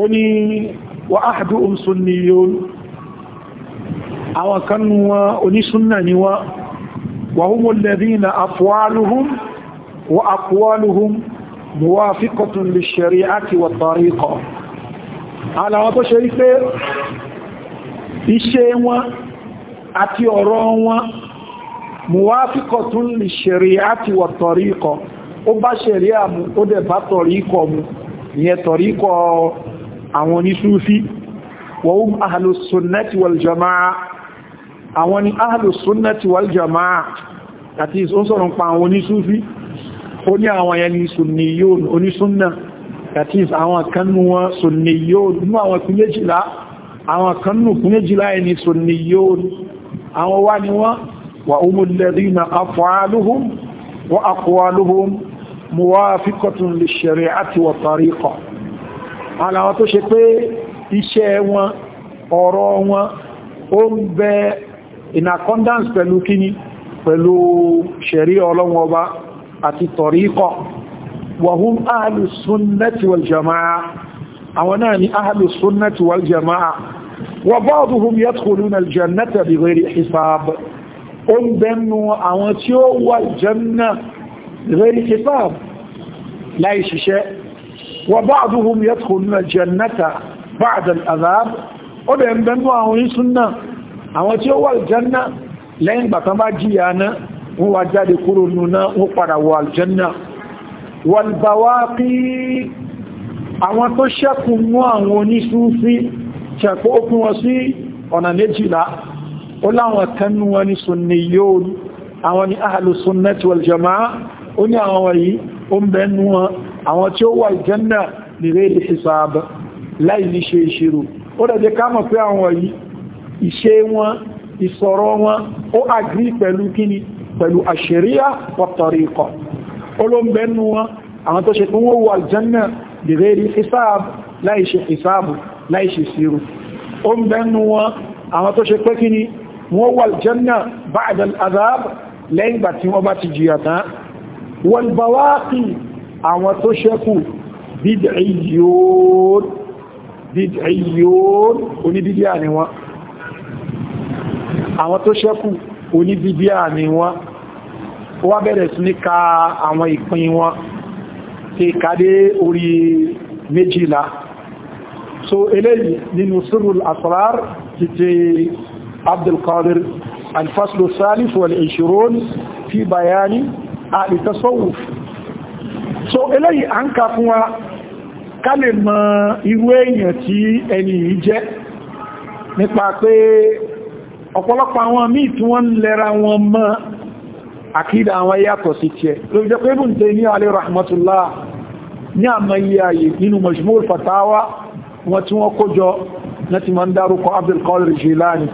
ó ní wà áàdù òmsùn ni yóò àwọn kan nù wọn onísúnnà ni wọ́n wọ́n àfúwálùhún muwafiqatun lishari'ati wa iṣẹ́ wọn àti ọ̀rọ̀ wọn mùwáfíkọ̀ tún lè ṣẹ̀rí àti wọ̀ tọ̀rí ikọ̀ ó bá ṣẹ̀rí àmú ó dẹ̀ bá tọ̀rí ikọ̀ mu ìyẹn tọ̀rí ikọ̀ àwọn onísúfí wọ́n ahàlùsùnnẹ́tì wàljọmáà àwọn ni ahàlùsùnnẹ́tì wàljọmáà àti ìsọ́sọ̀rọ̀ pa àwọn onísúfí ó ní àwọn yẹn sùnnìyàn onísúnnà àti àwọn kanú wọn sùnnìyàn nínú àwọn ìpínlẹ̀ jìlá àwọn kan nù fún méjìlá ẹni sunni yóò àwọn wá ni wọ́n wà umulladhina af'aluhum wa aqwaluhum muwafiqatun lish-shari'ati wa tariqa àwọn tó ṣe pé iṣẹ́ wọn ọ̀rọ̀ wọn ó ń bẹ in accordance pẹ̀lú kíní pẹ̀lú ṣẹ̀rí ọlọ́wọ́ àti tariqa wa hum ahlus jama'a àwọn náà ni ahlus sunnati jama'a wọ̀bọ́ọ̀dùhùn yẹ́tùkùnrin aljannata bí rẹ̀ hisab o ń bẹnu àwọn tí ó wà janna rẹ̀ hisab láì ṣiṣẹ́ wọ̀bọ́ọ̀dùhùn yẹ́tùkùnrin aljannata ba'adal azab o dẹ̀ ń bẹnu àwọn ìsúnna àwọn tí lẹ́yìn gbàkan bá jíyà náà wọ́n wá jáde kúrò nuna wọ́n padà wọ aljanna wal bawaqi àwọn tó ṣẹ́kùn mú àwọn oníṣúfí ṣẹ̀pọ̀ ó pín wọn sí ọ̀nà méjìlá ó láwọn kanú wọn ni sunni yóò àwọn ni ahlu sunnati wal jama'a ó ní àwọn wọ̀nyí ó ń bẹnu wọn àwọn tí ó wà ìjẹ́nà nìrẹ́ ilé hisab láì ní ṣe ìṣirò ó dẹ̀jẹ́ ká mọ̀ pé àwọn wọ̀nyí ìṣe wọn ìsọ̀rọ̀ wọn ó agrí pẹ̀lú kíni pẹ̀lú àṣíríà pọ̀tọ̀ríkọ̀ olóńbẹ̀ẹ́nu wọn àwọn tó ṣe fún wọ́n wà jẹ́nà nìrẹ́ ilé hisab láì ṣe hisabu láìṣe síru ó ń bẹ́nu wọn àwọn tó ṣe pé kí ni wọ́n wà jẹ́nà ba'da al-azab lẹ́yìn bá tí wọ́n bá ti jìyà tán wal bawaqi àwọn tó ṣẹ́kù bid'iyyun bid'iyyun àwọn tó ṣẹ́kù oníbídíà ni wọ́n ní ka so eléyìí nínú sirrul asrar títí abdulkadir alfaslu salif wal ishirun fi bayani a ìtasọ́wùf so eléyìí à ń ka fún wa ká lè mọ irú èèyàn tí ẹni yìí jẹ́ nípa pé ọ̀pọ̀lọpọ̀ àwọn míì tí wọ́n lẹ́ra wọn mọ́ àkídà àwọn yàtọ̀ sí tí ẹ. ló jẹ́ pé Ibn Taymiyyah alayhi rahmatullah ní àmà iye àyè nínú Majmu' al wọn tí wọ́n kójọ náà ti máa ń dárúkọ abdulkadir jilani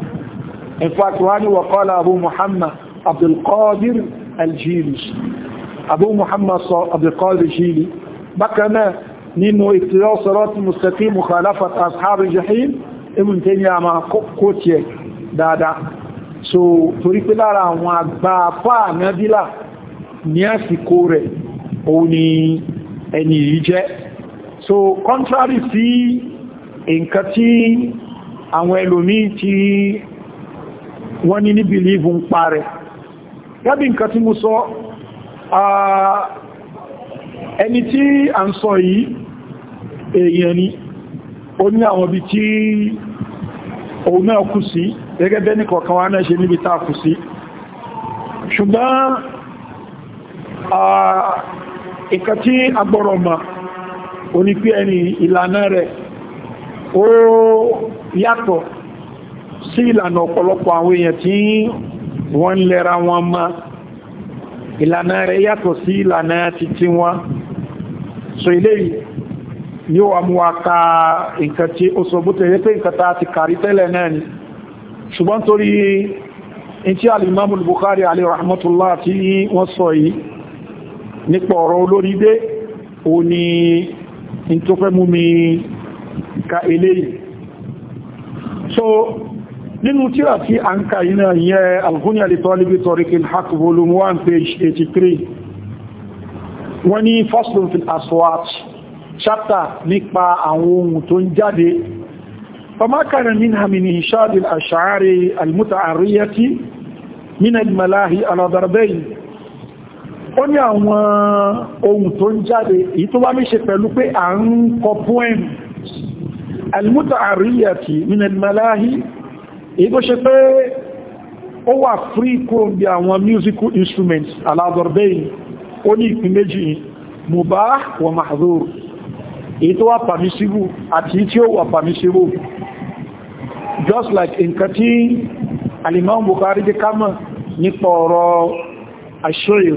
in fact wọ́n ni wọ̀kọ́lá abu muhammad abdulkadir aljili abu muhammad sọ abdulkadir jili bákanáà nínú ìtìlọ́ sọ́rọ́ ti mustaqim mukhalafat ashabi jahim ibn taymiya ma kó tiẹ̀ dáadáa so torí pé lára àwọn àgbà apá ànábílà ní àsìkò rẹ̀ òun ni ẹni yìí jẹ́ so contrary sí nǹkan tí àwọn ẹlòmí tí wọ́n ní ní bìlìfù ń pa rẹ̀ gẹ́bí nǹkan tí mo sọ ẹni tí a ń sọ yìí èèyàn ni ó ní àwọn ibi tí òun náà kù sí gẹ́gẹ́ bẹ́ni kọ̀ọ̀kan wá náà ṣe níbi tá kù sí ṣùgbọ́n nǹkan ẹni ìlànà rẹ̀ ó yàtọ̀ sí ìlànà ọ̀pọ̀lọpọ̀ àwọn èèyàn tí wọ́n lẹ́ra wọn ma ìlànà rẹ̀ yàtọ̀ sí ìlànà títí wọn so ilé yóò wà mú aka nǹkan tí ó sọ bó tẹ̀lé pé nǹkan ta ti kàrí tẹ́lẹ̀ náà ni ṣùgbọ́n torí in tí alìmọ́mù Bukhari alì rahmatullah tí wọ́n sọ yìí nípa ọ̀rọ̀ olórí dé ni in tó fẹ́ mú mi ka eléyìí so nínú tíra tí a ń ka iná yẹ alhúnyà lè tọ́lébí tọ́ríkìl haq volume 1 page 83 wọ́n ní faslun fil aswat chapter nípa àwọn ohun tó ń jáde فما كان منها من إنشاد الأشعار المتعرية من الملاهي على ضربين ó ní àwọn ohun tó ń jáde èyí tó bá mí ṣe pẹ̀lú pé à ń kọ poem almutaariyati min almalahi ego ṣe pé ó wà free kúrò bí àwọn musical instruments aládọ̀rbẹ́yìn ó ní ìpín méjì mubah wa mahzur èyí tó wà permissible àti tí ó wà permissible just like nǹkan tí alimam Bukhari jẹ́ kámọ̀ nípa ọ̀rọ̀ àṣírí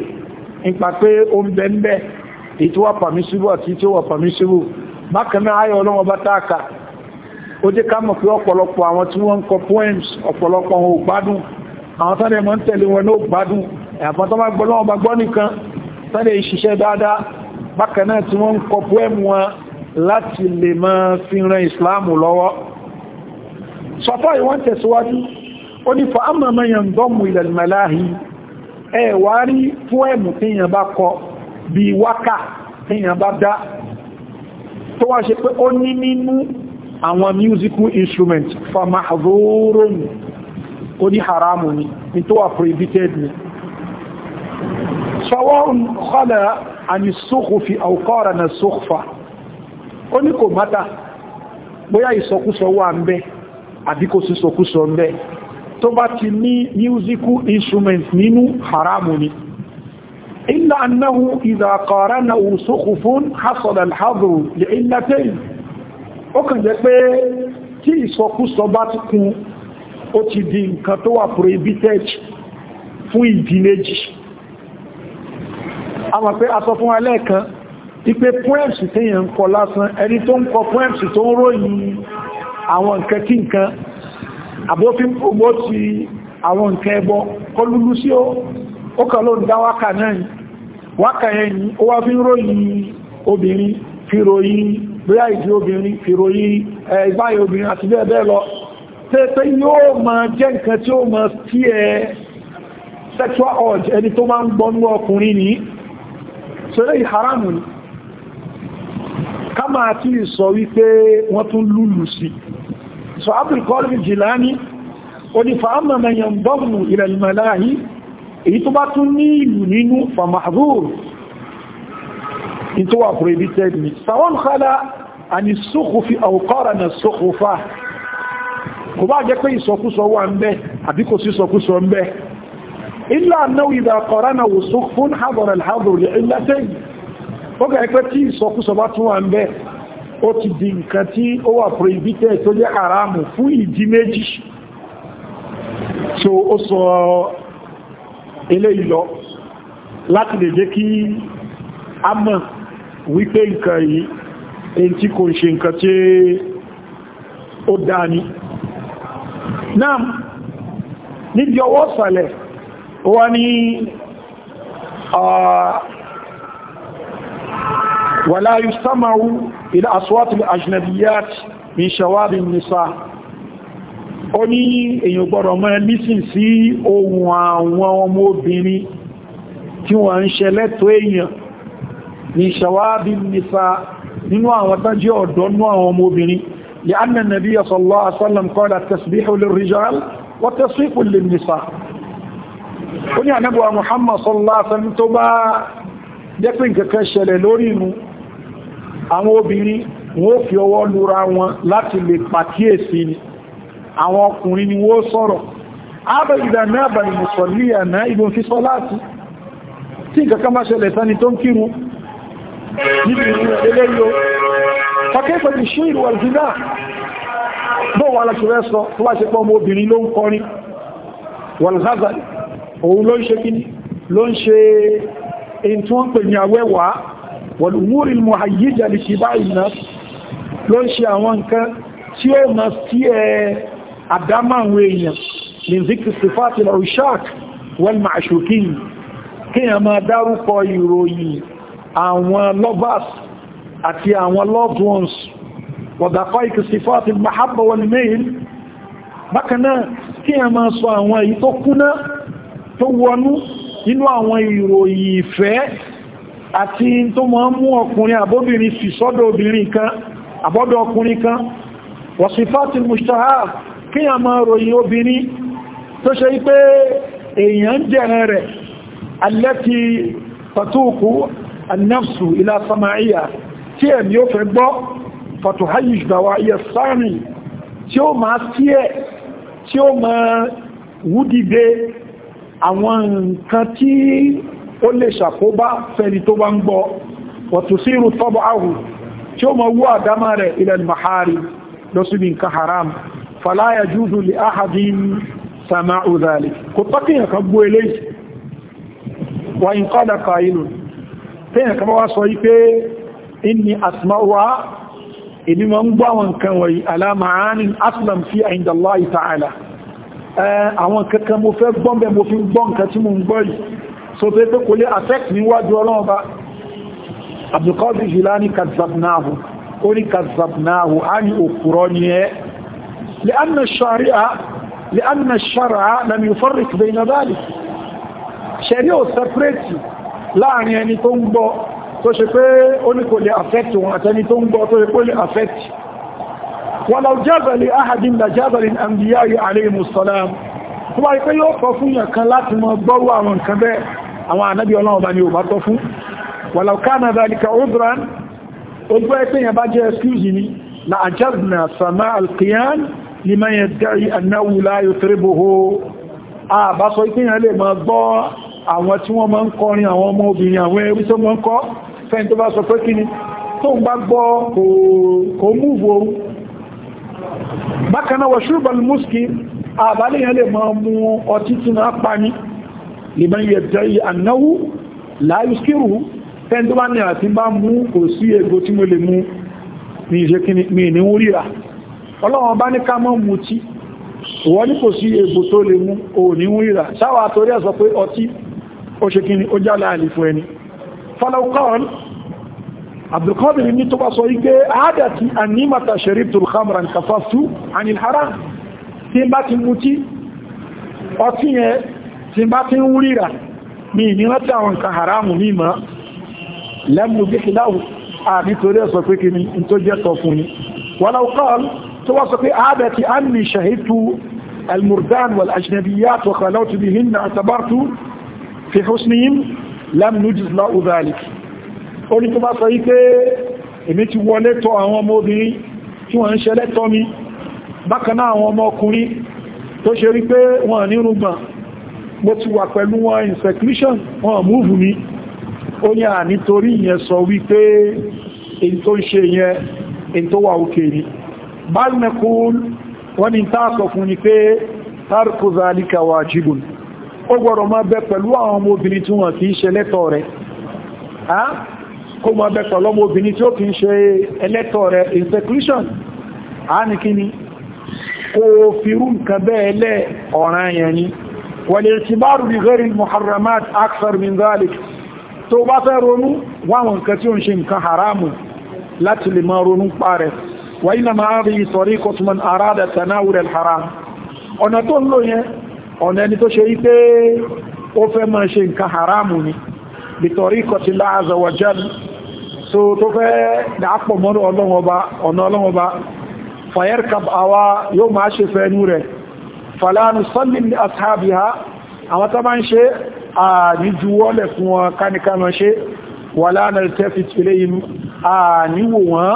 nípa pé ó ń bẹ́ẹ̀ èyí tó wà permissible àti tí ó wà permissible bákanáà ayọ̀ ọlọ́wọ́ bá táàkà ó jẹ́ ká mọ̀ pé ọ̀pọ̀lọpọ̀ àwọn tí wọ́n ń kọ poems ọ̀pọ̀lọpọ̀ wọn ò gbádùn àwọn tánẹ̀ mọ́ ń tẹ̀lé wọn náà gbádùn ẹ̀yàfán tó bá gbọ́ lọ́wọ́ bá gbọ́ nìkan tánẹ̀ ìṣiṣẹ́ dáadáa bákanáà tí wọ́n ń kọ bá kọ bí wákà tíyàn bá dá tó wá ṣe pé ó ní nínú àwọn musical instrument famahzurun ó ní haramu ni ní tó wà prohibited ni sawa'un khala àni fi àwòkọ́ra na sókòfà ó ní kò mátà bóyá ìsọkúsọ wà ń bẹ àbí kò sí ìsọkúsọ ń bẹ tó bá ti ní musical instrument nínú haramu ni إلا أنه إذا قارنه سخف حصل الحظر لعلتين ó kàn jẹ́ pé tí ìsọkúsọ bá ti kún ó ti di nǹkan tó wà prohibited fún ìdí méjì a mọ̀ pé a sọ fún ń kọ lásán ẹni tó ń kọ poems tó ń ròyìn àwọn nǹkan kí nǹkan àbófin gbogbo ti àwọn nǹkan ẹbọ kọlúlú sí ó ó kà ló ń dá wákà náà yìí wákà yẹn yìí ó wá fi ń ròyìn obìnrin fi ròyìn bóyá ìdí obìnrin fi ròyìn ìbáyé obìnrin àti bẹ́ẹ̀ bẹ́ẹ̀ lọ tẹ́tẹ́ yóò máa jẹ́ nǹkan tí ó máa sí ẹ sexual urge ẹni tó máa ń gbọ́nú ọkùnrin ní ṣeré ìharamu ni ká máa tí sọ wípé wọ́n tún lúlù sí so Abdul Qadir Jilani onífàámà mẹ́yàn bọ́ọ̀mù ìrẹ̀lẹ̀mẹ̀láyìí èyí tó bá tún ní ìlú nínú famahdur in tó wà prohibited ni sàwọn khala àni sókòfí àwòkọ́ra na sókòfà kò bá jẹ́ pé ìsọkúsọ wà ń bẹ àbí kò sí ìsọkúsọ ń bẹ ilá náà ìdá kọ̀rá na wò sókò fún hadar alhadar ilá tẹ́yìn ó prohibited tó jẹ́ haramu fún ìdí méjì eléyìí lọ láti lè jẹ́ kí a mọ̀ wípé nǹkan yìí èyí tí kò ń ṣe nǹkan tí ó dáa ní náà níbi ọwọ́ sàlẹ̀ wá ní wàlá yustamau ila aswati ajnabiyat ajnabiyyat min shawari ó ní èyàn gbọ́dọ̀ mọ́ lísìn sí ohun àwọn ọmọ obìnrin tí wọ́n ń ṣe lẹ́tọ́ èyàn ní ṣàwábí nìsa nínú àwọn tánjí ọ̀dọ́ nú àwọn ọmọ obìnrin لأن النبي صلى الله عليه وسلم قال التسبيح للرجال وتصفيق للنساء قل يا محمد صلى الله عليه وسلم تبا يكفي ككشل لورينو àwọn obìnrin wọ́n fi ọwọ́ lura wọn lè pàkíyèsí ni àwọn ọkùnrin ni wọ́n sọ̀rọ̀ ábẹ̀gbìdà náà bàrí mùsọ̀lì àná ìbọn fi sọ láti tí kankan máa ṣẹlẹ̀ tani tó ń kírun níbi ìrìnlẹ̀ yóò fàkẹ́fẹ́ ti ṣe ìrù àjídá bọ́ wà láṣẹ́rẹ́ sọ tó bá ṣe pọ́ ọmọ obìnrin ló ń kọrin wàlhazard òun ló ń ṣe kíní ló lè ṣe báyìí náà ló ń ṣe àwọn nǹkan tí ó mọ̀ sí ẹ̀ àdámà àwọn èèyàn lè zikri sifati al-ushaq wal ma'shukin kíyàn máa dárúkọ ìròyìn àwọn lovers àti àwọn loved ones wọ̀dàkọ́ ikú sifati al-mahabba wal mail bákanáà kíyàn máa sọ àwọn èyí tó kúnná tó wọnú inú àwọn ìròyìn ìfẹ́ àti tó máa mú ọkùnrin àbóbìnrin fi sọ́dọ̀ obìnrin kan àbọ́dọ̀ ọkùnrin kan wọ̀sífàtí mùsùtàhà kí a máa ròyìn obìnrin tó ṣe pé èèyàn jẹ́rẹ rẹ̀ alẹ́kì pàtókù annafsu ilá sama'íyà tí ẹ̀mí ó fẹ́ gbọ́ fàtòháyìṣbàwà iye sáàrin tí ó máa sí ẹ̀ tí ó máa wúdìde àwọn nǹkan tí ó lè ṣàkóbá fẹ́ni tó bá ń gbọ́ wàtòsírù tọ́bọ̀ áhù tí ó máa wú àdámà rẹ̀ ilẹ̀ mahari lọ sí nǹkan haram fala yajuzu li ahadin sama'u dhalik kò tọ́kìyàn kan gbọ́ eléyìí wa in qala qailun tẹ́yàn kan wá sọ wípé inni asma'uwa èmi ma ń gbọ́ àwọn nǹkan wọ̀nyí ala ma'anin aslam fi inda Allah ta'ala àwọn kankan mo fẹ́ gbọ́nbẹ̀ mo fi gbọ́ nǹkan mo ń gbọ́ yìí so tó pé kò lè affect níwájú ọlọ́run bá Abdul Qadir Jilani kazzabnahu ó ní kazzabnahu á ní òkúrọ́ ni ẹ́ لأن الشارع لأن الشرع لم يفرق بين ذلك شريعة سبريتي láàrin ẹni tó ń gbọ́ tó ṣe pé ó ní kò lè affect wọn àtẹni tó ń gbọ́ tó ṣe pé ó lè affect wọ́n lọ jẹ́bẹ̀lẹ̀ ahadin la jẹ́bẹ̀lẹ̀ àmìyàrí aléìmùsọ́lám tó wáyé pé yóò kọ fún yẹ̀kan láti mọ gbọ́rú àwọn nǹkan bẹ́ àwọn ànábí ọlọ́run bá ní ò bá tọ́ fún wọ́n lọ kánà dalika udran ó gbọ́ ẹgbẹ́ yẹn bá jẹ́ excuse ni la ajabna sama alkiyan liman yadda'i annahu la yutribuhu a bá sọ ìpínyàn lè máa gbọ́ àwọn tí wọ́n máa ń kọrin àwọn ọmọ obìnrin àwọn ẹrú tó máa ń kọ́ fẹ́ni tó bá lè máa mú ọtí tí máa pani liman yadda'i annahu la yuskiruhu fẹ́ni tó bá ní àti bá mú kò sí ègbò tí mo lè mú ní ìṣẹ́kíní mi ní ọlọ́wọ́n bá ní ká mọ́ mú tí wọ́n ní kò sí ègbò tó lè mú òní ń ríra sáwà torí ẹ̀sọ pé ọtí ó ṣe kíni ó jálá àlè fún ẹni fọ́lọ́kọ́n abdulkadir ní tó bá sọ igbe àádàtí ànímàtà sharibtu khamran kafaftu anil haram tí bá ti mú tó jẹ́ tọ́ tó wá sọ pé àádẹ́tì anni ṣahitu المردان والأجنبيات وخلوت بهن اعتبرت في حسنهم لم نجز له ذلك ó ní tó bá sọ wípé èmi ti wọlé tọ̀ àwọn ọmọ obìnrin tí wọ́n ń ṣe lẹ́tọ́ mi bákan náà àwọn ọmọ ọkùnrin tó ṣe rí pé wọ́n ní ó ní à nítorí ìyẹn sọ wípé èyí tó ń ṣe ìyẹn èyí tó wà òkè bal naqul wọ́n ni tá sọ fún ni pé tarku zalika wajibun ó gbọ́rọ̀ máa bẹ pẹ̀lú àwọn ọmọbìnrin tí wọ́n ti ń ṣe lẹ́tọ̀ rẹ̀ kó máa bẹ pẹ̀lú ọmọbìnrin tí ó ti ń ṣe ẹlẹ́tọ̀ rẹ̀ inseclusion a ní kí ni kó fi nǹkan bẹ́ẹ̀ ọ̀ràn yẹn ni وإنما هذه طريقة من أراد تناول الحرام ọ̀nà tó ń lò yẹn ọ̀nà ẹni tó ṣe rí pé ó fẹ́ máa ṣe nǹkan haramu ni bitoriqati Allah azza wa jal so tó fẹ́ dápọ̀ mọ́rọ̀ ọ̀nà ọlọ́wọ́ba fayarkab awa yóò máa ṣe fẹ́ nú rẹ̀ fala nusalli li ashabiha àwọn tó bá ń ṣe àníjúwọ́lẹ̀ fún wọn kánikánà ṣe wala naltafit ilayhim àníwò wọn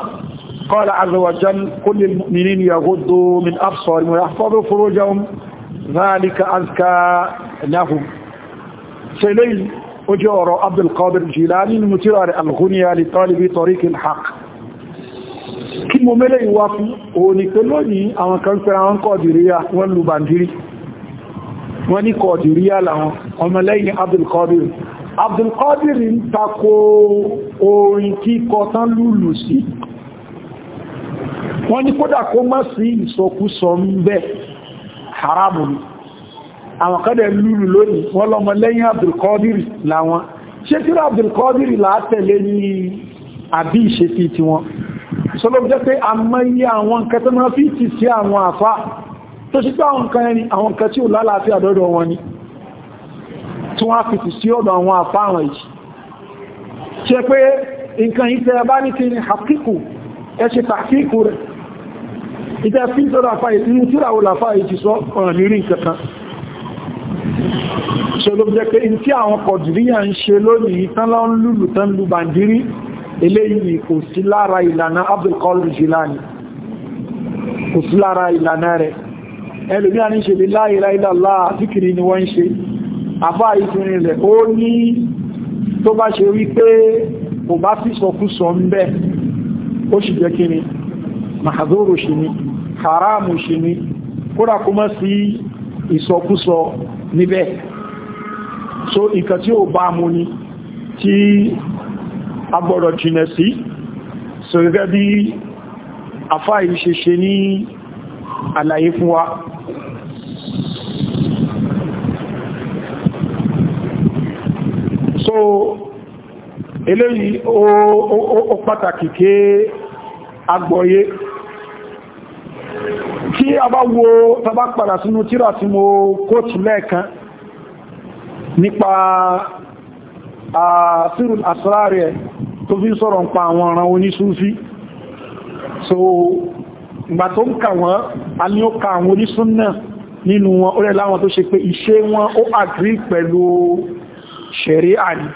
قال عز وجل كل المؤمنين يغضوا من أبصارهم ويحفظوا فروجهم ذلك أزكى لهم سيلي أجور عبد القادر الجيلاني المترار الغنية لطالب طريق الحق kí mo mẹ́lẹ̀ ìwá fún òní pé lónìí àwọn kan fẹ́ra wọn kọ̀dìríyà wọ́n lù bàndírí wọ́n ní kọ̀dìríyà làwọn ọmọlẹ́yìn abdulkadir abdulkadir ń takò orin kíkọ tán lùlù sí wọ́n ní kódà kó má sí ìsọkúsọ ń bẹ́ haramu ni àwọn kọ́dẹ̀ lúlù lónìí wọ́n lọ́mọ lẹ́yìn abdulkadiri láwọn ṣe tí rá abdulkadiri látẹ̀lé ní àbí ìṣe sí ti wọn sọlọ́bù jẹ́ pé a mọ́ iye àwọn nǹkan tó máa fi ti sí àwọn àfá tó ṣe pé àwọn ẹṣe tàkíkù rẹ̀ ìtẹ́ fi tọ́rọ àfáà inú tíra wo làfáà ìjì sọ ọ̀rọ̀ lérí nǹkankan ṣe ló jẹ́ pé in tí àwọn kọ̀dìríyà ń ṣe lónìí tán lọ ń lùlù tán lù bàndírí eléyìí kò sí lára ìlànà Abdul ṣe lè la ilaha illallah zikiri ni wọ́n ń ṣe àfáà ìtúrin rẹ̀ ó sì jẹ́ kí ni mahadoro ṣe ni haramu ṣe ni kódà kó mọ́ sí ìsọkúsọ níbẹ̀ so nǹkan tí ó bá mú ni tí a gbọ́dọ̀ jìnà sí so gẹ́gẹ́ bí afáyí ṣe ṣe ní àlàyé fún wa so eléyìí ó pàtàkì kéé agbọ́yé tí a bá wo tàbá padà sínú tíra tí mo kóòtù lẹ́ẹ̀kan nípa àṣírù àṣírárì ẹ̀ tó fi sọ̀rọ̀ ń pa àwọn ọ̀ràn onísúfí so ìgbà tó ń kà wọ́n a ní ó ka àwọn onísúnnà nínú wọn ó rẹ̀ láwọn tó ṣe pé iṣẹ́ wọn ó àgírí pẹ̀lú ṣẹ̀rí àrí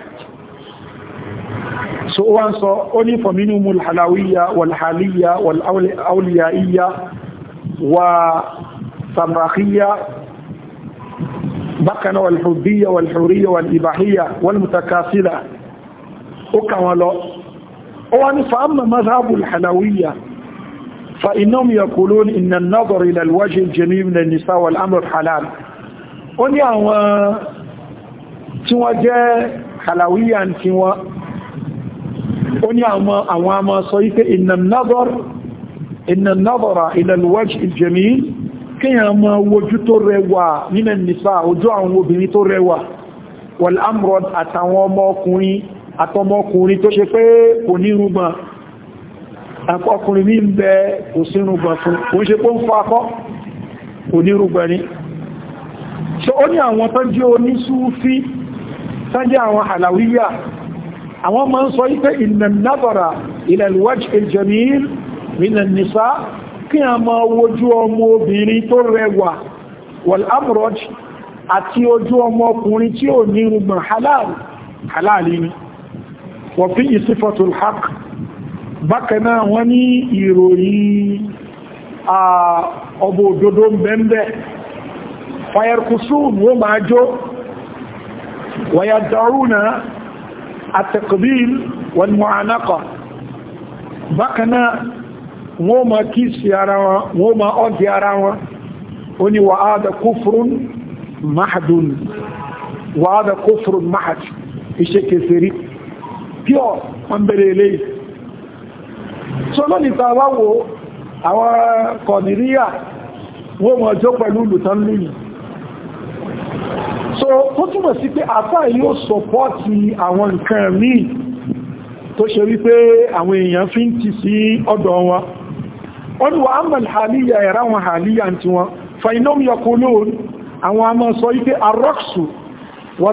سؤال سو أولي فمنهم الحلوية والحالية والأوليائية والصراخية بقنا والحبية والحورية والإباحية والمتكاسلة أكمل وأن فأما مذهب الحلوية فإنهم يقولون إن النظر إلى الوجه الجميل من النساء والأمر حلال وأن يعني سواء جاء ó ní àwọn àmọ́ sọ wípé inna nadhara ila al-wajh al-jamil kíyàn mọ́ wojú tó rẹwà nínú nìsá ojú àwọn obìnrin tó rẹwà wal amrod àtàwọn ọmọkùnrin àtọmọkùnrin tó ṣe pé kò ní àwọn ma ń sọ ipé ìnànàbàrà ìlẹ̀lúwẹ́jì ìjẹ̀mìíl minan nisa kí a ma wojú ọmọ obìnrin tó rẹwà wal-amraj àti ojú ọmọ ọkùnrin tí ó ní rúgbọ̀n halali ni wọ́n fi ìsífọ́tul haq bákaná wọ́n ní ìròyìn àtẹ̀kọ̀bíl wọn mọ̀ ànákọ̀ bákanáà wọ́n ma kíìsì ara wọn wọ́n ma ọ́dí ara wọn ó ní wà áàdà kúfùrún mahadun wà áàdà kúfùrún mahad iṣẹ́ kẹsẹ̀rí píọ̀ wọ́n bẹ̀rẹ̀ ilé sọlọ́nìta wáwo àwọn kọ̀nìríyà wọ́n ma jọ pẹ̀lú lùtán lónìí so tó túnmọ̀ sí pé àfá yóò sọpọ́tì àwọn nǹkan míì tó ṣe wípé àwọn èèyàn fi ń ti sí ọ̀dọ̀ wọn wọ́n wà ámàlì hàlíyà ẹ̀rá wọn hàlíyà tí wọn fainom yakulun àwọn àmà sọ wípé arọ́ksù wà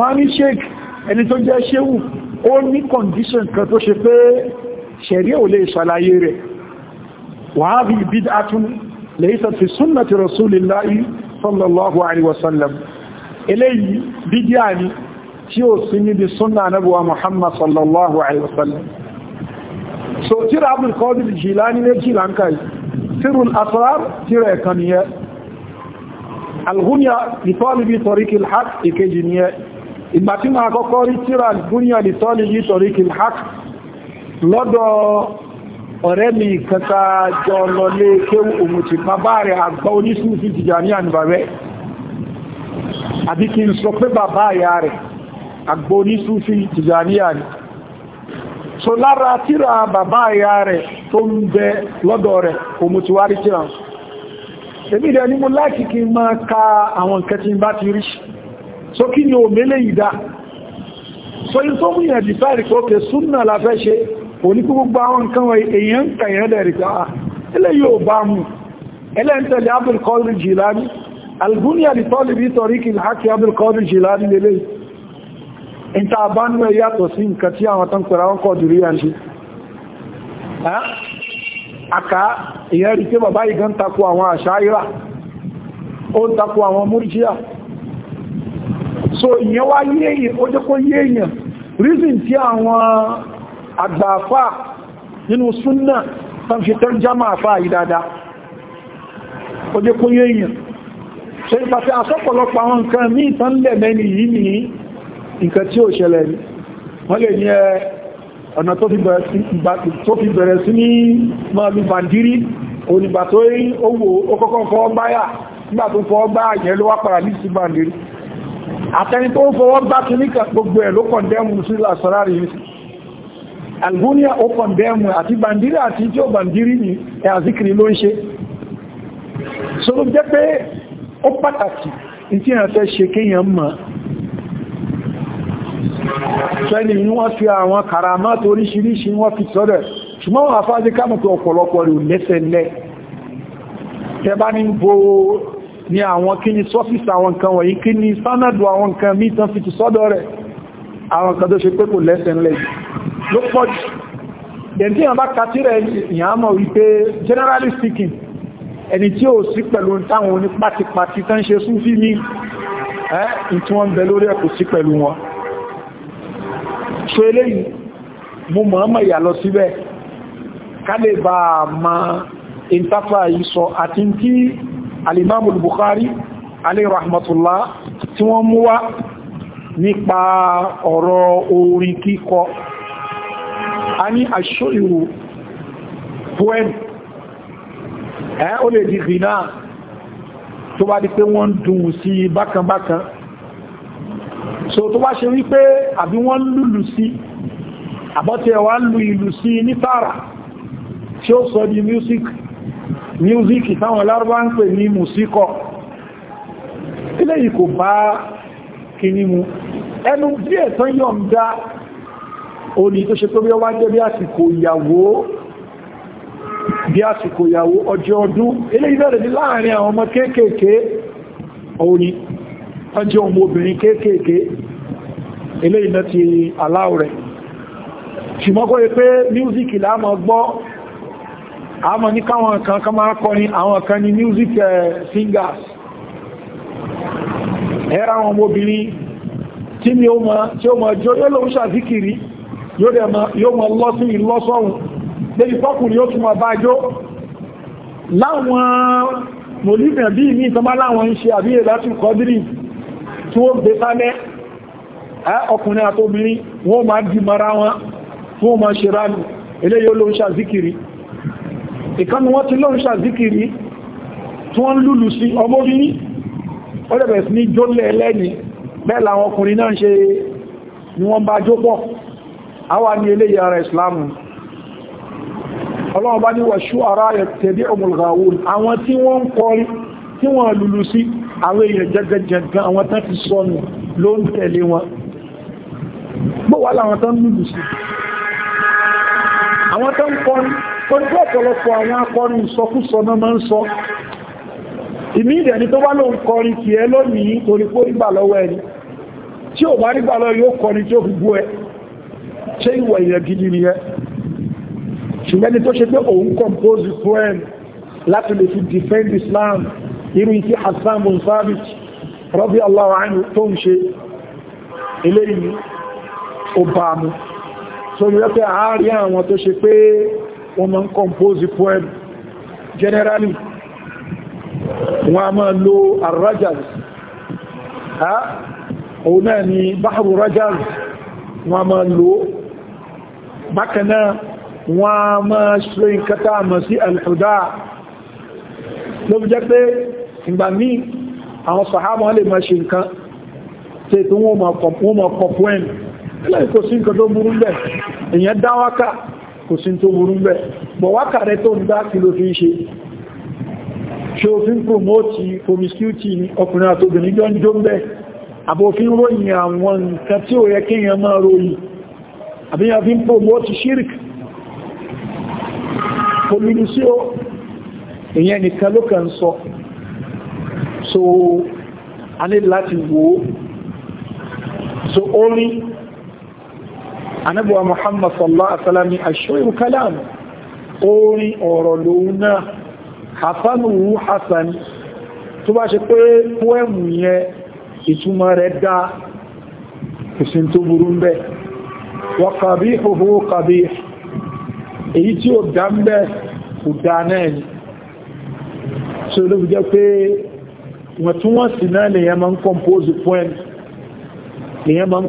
wọ́n ní sheik ẹni tó jẹ́ ṣéwù ó ní condition kan tó ṣe pé ṣẹ̀rí ò lè ṣàlàyé rẹ̀ wàá bí bid'atun laysa fi sunnati rasulillahi sallallahu alaihi wasallam eléyìí bídíà ni tí ó sí níbi súnnà anábuwa muhammad sallallahu alaihi wasallam so tíra abdulkadir jilani ní jìlá ń káyí sírùl asrar tíra ẹ̀kan ni yẹ alhúnyà ìtọ́lùbí ìgbà tí máa kọ́kọ́ rí tíra gúnyà lè tọ́lì yìí tọ̀rí kìí hák lọ́dọ̀ ọ̀rẹ́ mi kẹta jọ lọlé kéwù òmùtì bàbá rẹ̀ àgbà onísúnfí Tìjàní ànìbàrẹ́ àbí kí n sọ pé bàbá àyà rẹ̀ àgbà onísúnfí Tìjàní ànì so lára tíra bàbá àyà rẹ̀ tó ń bẹ lọ́dọ̀ rẹ̀ òmùtì wárí tíra èmi dẹ̀ ni mo láìkì kí n máa ka àwọn nǹkan bá ti rí so kí ni òmélé ìdá so in tó múyàn dìsáàrì pé ókè súnnà la fẹ́ ṣe oníkú gbogbo àwọn nǹkan wọ èèyàn ń kàyàn lẹ́rì pé à ilẹ̀ yóò bá mú ẹlẹ́ntẹ̀lẹ̀ Abdul Qadir Jilani al-Bunya li talibi tariqi al-haqq Abdul Qadir Jilani lélẹ̀ ìta àbánú ẹ̀ yàtọ̀ sí tí bàbá ìgán takò àwọn àṣáírà ó takò àwọn múrjíà so ìyẹn wá yé èyàn ó jẹ́ kó yé èyàn tí àwọn àgbààfà nínú súnnà tán jámà àfà yìí ó jẹ́ kó yé èyàn àsọ́pọ̀lọpọ̀ àwọn nǹkan ní ìtànlẹ̀ mẹ́ni yìí ní nǹkan tí ó ṣẹlẹ̀ ní wọ́n lè ní ọ̀nà tó fi bẹ̀rẹ̀ sí ní àtẹni tó ń fọwọ́ bá kí ní gbogbo ẹ̀ ló kọ̀ndẹ́mù sí lásọ̀rárì yìí algonia ó kọ̀ndẹ́mù àti bandiri àti tí ó bandiri ní ẹ̀ àzíkiri ló ń ṣe so ló jẹ́ pé ó pàtàkì tí a fẹ́ ṣe kéèyàn mọ̀ sẹ́ni ni wọ́n fi àwọn karama tó oríṣiríṣi wọ́n fi sọ́dẹ̀ ṣùgbọ́n àfáàjẹ́ kámọ̀tọ̀ ọ̀pọ̀lọpọ̀ rẹ̀ lẹ́sẹ̀lẹ́ tẹ́bá ní ni àwọn kí ni sọ́fíìsì àwọn nǹkan wọ̀nyí kí ni sánàdù àwọn nǹkan mí tán fi ti sọ́dọ̀ rẹ̀ àwọn nǹkan tó ṣe pé kò lẹ́sẹ̀ ńlẹ̀ ló pọ̀ jù dẹ̀ntí yàn bá kàtí rẹ̀ yàn wípé generally speaking ẹni tí ó sí pẹ̀lú táwọn oní pátipàti tán ṣe súnfí ní ẹ́ tí wọ́n bẹ lórí ẹ̀kù sí pẹ̀lú wọn ma ìntafà yìí sọ alimamu bukhari alayhi rahmatullah tí wọ́n mú wá nípa ọ̀rọ̀ orin kíkọ a ní aṣọ ìrù poem ẹ́ o lè di rìnà tó bá di pé wọ́n dùn sí bákanbákan so tó bá ṣe wípé àbí wọ́n lùlù sí àbọ́tẹ̀ wà lù ìlù sí ní tààrà tí ó sọ di music music táwọn lárúbá ń pè ní musíkọ̀ ilé yìí bá kìíní mu ẹnu díẹ̀ tán yọ̀ǹda òní tó ṣe pé bí ọwá jẹ́ bí àsìkò ìyàwó bí àsìkò ìyàwó ọjọ́ ọdún ilé ìbẹ̀rẹ̀ ní láàrin àwọn ọmọ kéékèèké òní ọjọ́ ọmọ obìnrin kéékèèké ilé ìná àmọ́ ní káwọn kan ká máa kọrin àwọn kan ní music eh, singers ẹ̀rà àwọn ọmọbìnrin tí ni ó máa tí ó máa jọ yóò lóun ṣàzíkiri yóò máa lọ sí ìlọ́sọ̀hun lẹ́yìn pọ́kùnrin ó tún máa bá jó láwọn mòlífẹ̀ bí ní ìtọ́má láwọn ń ṣe àbíyè láti kọdírì tí ó gbé sálẹ́ ọkùnrin àtòbìnrin wọ́n máa dì mara wọn tí wọ́n ṣe ránù eléyìí ó lóun ṣàzíkiri ìkánu wọ́n ti lọ́n ṣàzíkiri tí wọ́n lùlù sí ọmọ bí ní ọdẹ̀bẹ̀ sí ní jólẹ̀ ẹlẹ́ni bẹ́ẹ̀ làwọn ọkùnrin náà ṣe ni wọ́n bá jópọ̀ àwa ní eléyìí ara Islam ọlọ́wọ́n bá ní wọ̀ṣú ara tẹ̀dé ọmọlùgbàwòrán àwọn tí wọ́n ń kọrin tí wọ́n lùlù sí àwọn èèyàn jẹgẹjẹgẹ àwọn tán ti sọnù torípé ọ̀pọ̀lọpọ̀ àwọn akọrin ìsọkúsọ náà máa ń sọ ìmí ìdẹ̀ ni tó bá lóun kọrin kì ẹ lónìí torí pé rígbà lọ́wọ́ ẹni tí ò bá rígbà lọ yóò kọrin tí ó fi gbó ẹ ṣé ìwọ̀ ìyẹn gidi ni ẹ ṣùgbọ́n ni tó ṣe pé òun compose poem láti lè fi defend Islam irú ìtí Hassan bin Sabit Allah anhu tó ń ṣe eléyìí ó bá mu so yẹ pé àárín àwọn tó ṣe pé wọ́n máa ń compose poem generally wọ́n a máa lo arrajaz ha òun náà ni bahru rajaz wọ́n a máa lo bákanáà wọ́n a máa ṣe nkata àmà sí alhuda ló fi jẹ́ pé ìgbà ní àwọn sàhámà lè máa ṣe nǹkan tí ètò wọ́n máa kọ̀ poem ẹlẹ́yìn kò nǹkan tó burú bẹ̀ èyàn dáwákà kò sí tó burú bẹ́ bọ̀ wákàrẹ tó ń dá kí ló fi ń ṣe ṣe òfin promote promiscuity ọkùnrin àtòbìnrin jọ ń jó ń bẹ́ àbòfin ròyìn àwọn nǹkan tí ó yẹ kí èèyàn máa ròyìn àbíyàn fi ń promote shirk kòmínúsíò èèyàn nìkan ló kàn sọ so a ní láti wò so only anábọ̀wà muhammad sallallahu alaihi wasallam ni aṣọ́rù kalam orin ọ̀rọ̀ lòun náà hasanuhu hasan tó bá ṣe pé pọ́ẹ̀mù yẹn ìtumọ̀ rẹ̀ dá kìsìn tó burú ń bẹ́ wa qabihuhu qabih èyí tí ó dá ń bẹ́ kò dá náà ni tí ó lóbi jẹ́ pé wọ̀túnwọ̀sì náà lèyàn máa ń kọ́mpóòsì pọ́ẹ̀mù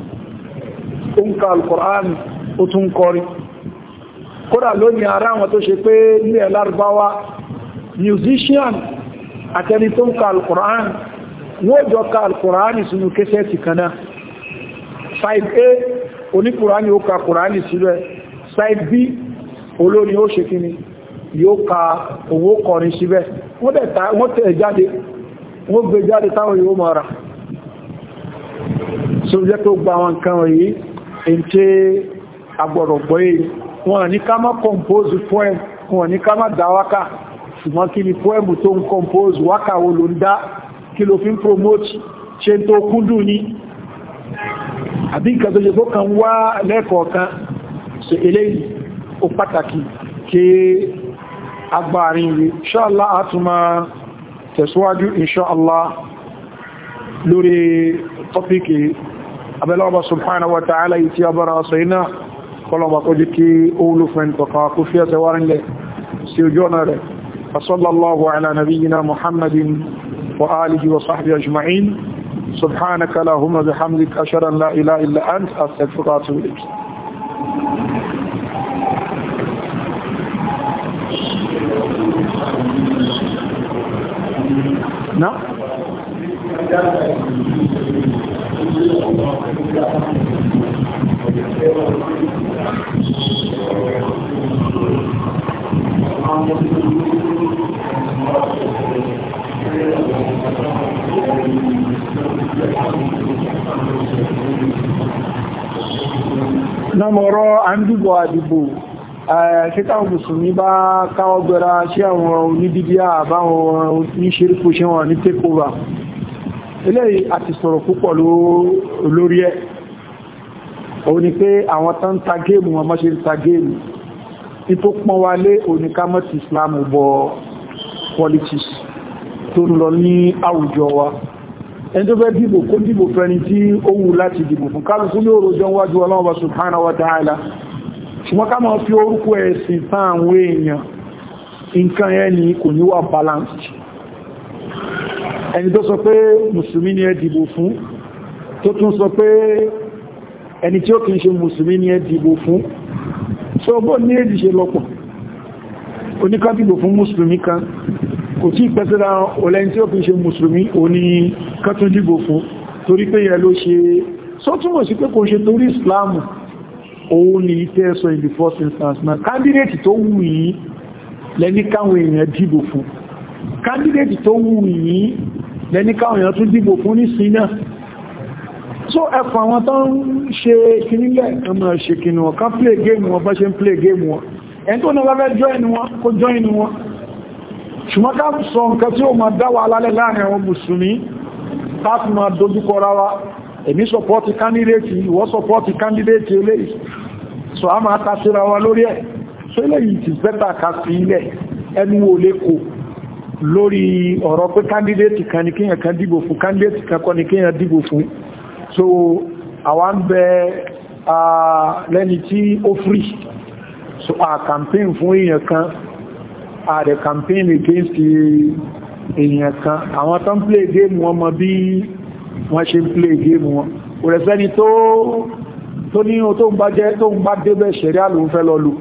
ó ń ka alkùrán ó tún kọrin kódà lónìí ara wọn tó ṣe pé nílẹ̀ lárúbáwá musician àtẹni tó ń ka alkùrán wọ́n jọ ka alkùrán sínú kéṣẹ́ ti kaná side a oníkùrán yóò ka kùrán sílẹ̀ side b olórin ó ṣe kíni yóò ka owó kọrin síbẹ̀ wọ́n tẹ̀ jáde wọ́n gbé jáde táwọn yóò mọ́ra so jẹ́ tó gba àwọn nǹkan wọ̀nyí in tí agbọ̀rọ̀gbọ́ yìí wọ́n ní ká má compose poem wọ́n ní ká má dá wákà ṣùgbọ́n kí ni poem tó ń compose wákà wo ló ń dá kí ló fi ń promote ṣe tó kúndùn ní àbí nǹkan tó yẹ tó kàn wá lẹ́kọ̀ọ̀kan ṣe eléyìí ó pàtàkì kí agbárin rí ṣáàlá àtúmà tẹ̀síwájú inṣáàlá lórí tọ́píkì abẹ́lọ́ọ̀bá subhanahu wa ta'ala yìí tí a bára sọ iná kọlọ̀bà kó jí kí olùfẹ́ tọ́ka kú fi ẹsẹ̀ wárinlẹ̀ sí ojú ọ̀nà rẹ̀ sallallahu ala nabiyyina muhammadin wa alihi wa sahbihi ajma'in subhanaka lahumma bihamdika ashhadu an la ilaha illa anta astaghfiruka wa atubu ilayk No? Námọ̀rọ̀ àndúgbò àdìbò, ṣíkàwọn Mùsùlùmí bá káwọ́ gbẹ̀rẹ̀ ṣe àwọn onídídíà àbáwọn oníṣẹ́ríkò ṣe wọn ní takeover eléyìí a ti sọ̀rọ̀ púpọ̀ lórí ẹ̀ òun ni pé àwọn tán ta géèmù wọn mọ́ ṣe ń ta géèmù ní tó pọ́n wá lé oníkámọ́tì islam bọ politics tó ń lọ ní àwùjọ wa ẹni tó fẹ́ dìbò kó dìbò fẹ́ni tí ó wù láti dìbò fún kálùkú ní òròjọ́ wájú ọlọ́wọ́ subhanahu wa ta'ala ṣùgbọ́n ká máa fi orúkọ ẹ̀sìn tán àwọn èèyàn nǹkan ẹni kò ní wà balanced ẹni tó sọ pé mùsùlùmí ni ẹ dìbò fún tó tún sọ pé ẹni tí ó kìí ṣe mùsùlùmí ni ẹ dìbò fún so bó ní èdì ṣe lọ́pọ̀ oníká dìbò fún mùsùlùmí kan kò tí pẹ́sẹ́lá olẹ́ni tí ó kìí ṣe mùsùlùmí oní kátún dìbò fún torí pé yẹ ló ṣe sọ túnmọ̀ sí pé kò ṣe torí Islam òun ni ìtẹ́ ẹ̀sọ in the first instance na candidate tó wù yìí lẹ́ní káwọn èèyàn dìbò fún candidate tó wù yìí lẹ́ní káwọn èèyàn tún dìbò fún ní sí náà so ẹ̀fọ́ àwọn tó ń ṣe kìnílẹ̀ kan máa ṣe kìnì wọn ká play game wọn bá ṣe ń play game wọn ẹni tó náà fẹ́ join wọn kó join wọn ṣùgbọ́n ká sọ nǹkan tí ó máa dá wa lálẹ́ láàrin àwọn mùsùlùmí ká fi máa dojúkọ ra wa èmi sọpọ́tì kándídéètì ìwọ sọpọ́tì kándídéètì eléyìí so a máa ta so eléyìí ti bẹ́tà ká fi lórí ọ̀rọ̀ pé kándídéètì kan ní kíyàn kan dìbò fún kándídéètì kan ní kíyàn dìbò fún so àwa ń bẹ lẹ́ni tí ó free so a campaign fún èèyàn kan a dẹ̀ campaign against èèyàn kan àwọn tán play game wọn mọ bí wọ́n ṣe play game wọn kò rẹ̀ sẹ́ni tó ní o tó ń bá débẹ̀ ṣẹ̀rí àlòun lọ lù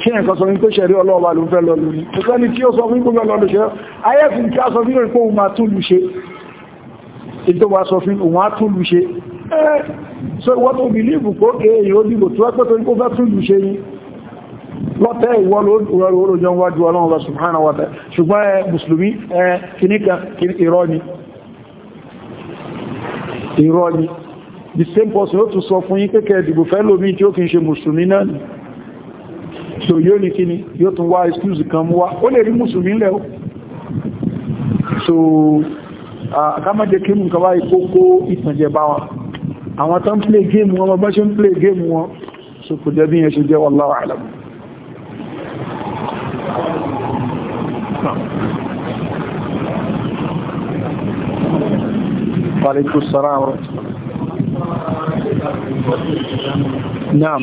kí ẹ̀kan sọ wípé ṣẹ̀rí ọlọ́ọ̀bá ló fẹ́ lọ́lú ní tó sẹ́ni tí ó sọ wípé mẹ́lọ ló ṣe ayẹ́fì kí a sọ wípé ìpò òun máa túlù ṣe ìjọba sọ fún òun á túlù ṣe ẹ́ so wọ́n tó bí lífù kó kéèyàn ó dìbò tó ẹ́pẹ́ tó ń kó fẹ́ túlù ṣe wájú ọlọ́run so yóò ní kíni yóò tún Wa, excuse kan mú wá ó lè rí mùsùlùmí lẹ́ o so àkámọ́jẹ́ kí nǹkan wá ìkókó ìtànjẹ bá wọn àwọn tán play game wọn bá ṣe ń play game wọn so kò jẹ́ bí yẹn ṣe jẹ́ wallahu a'lam Wa alaikum salaam wa rahmatullah. Naam.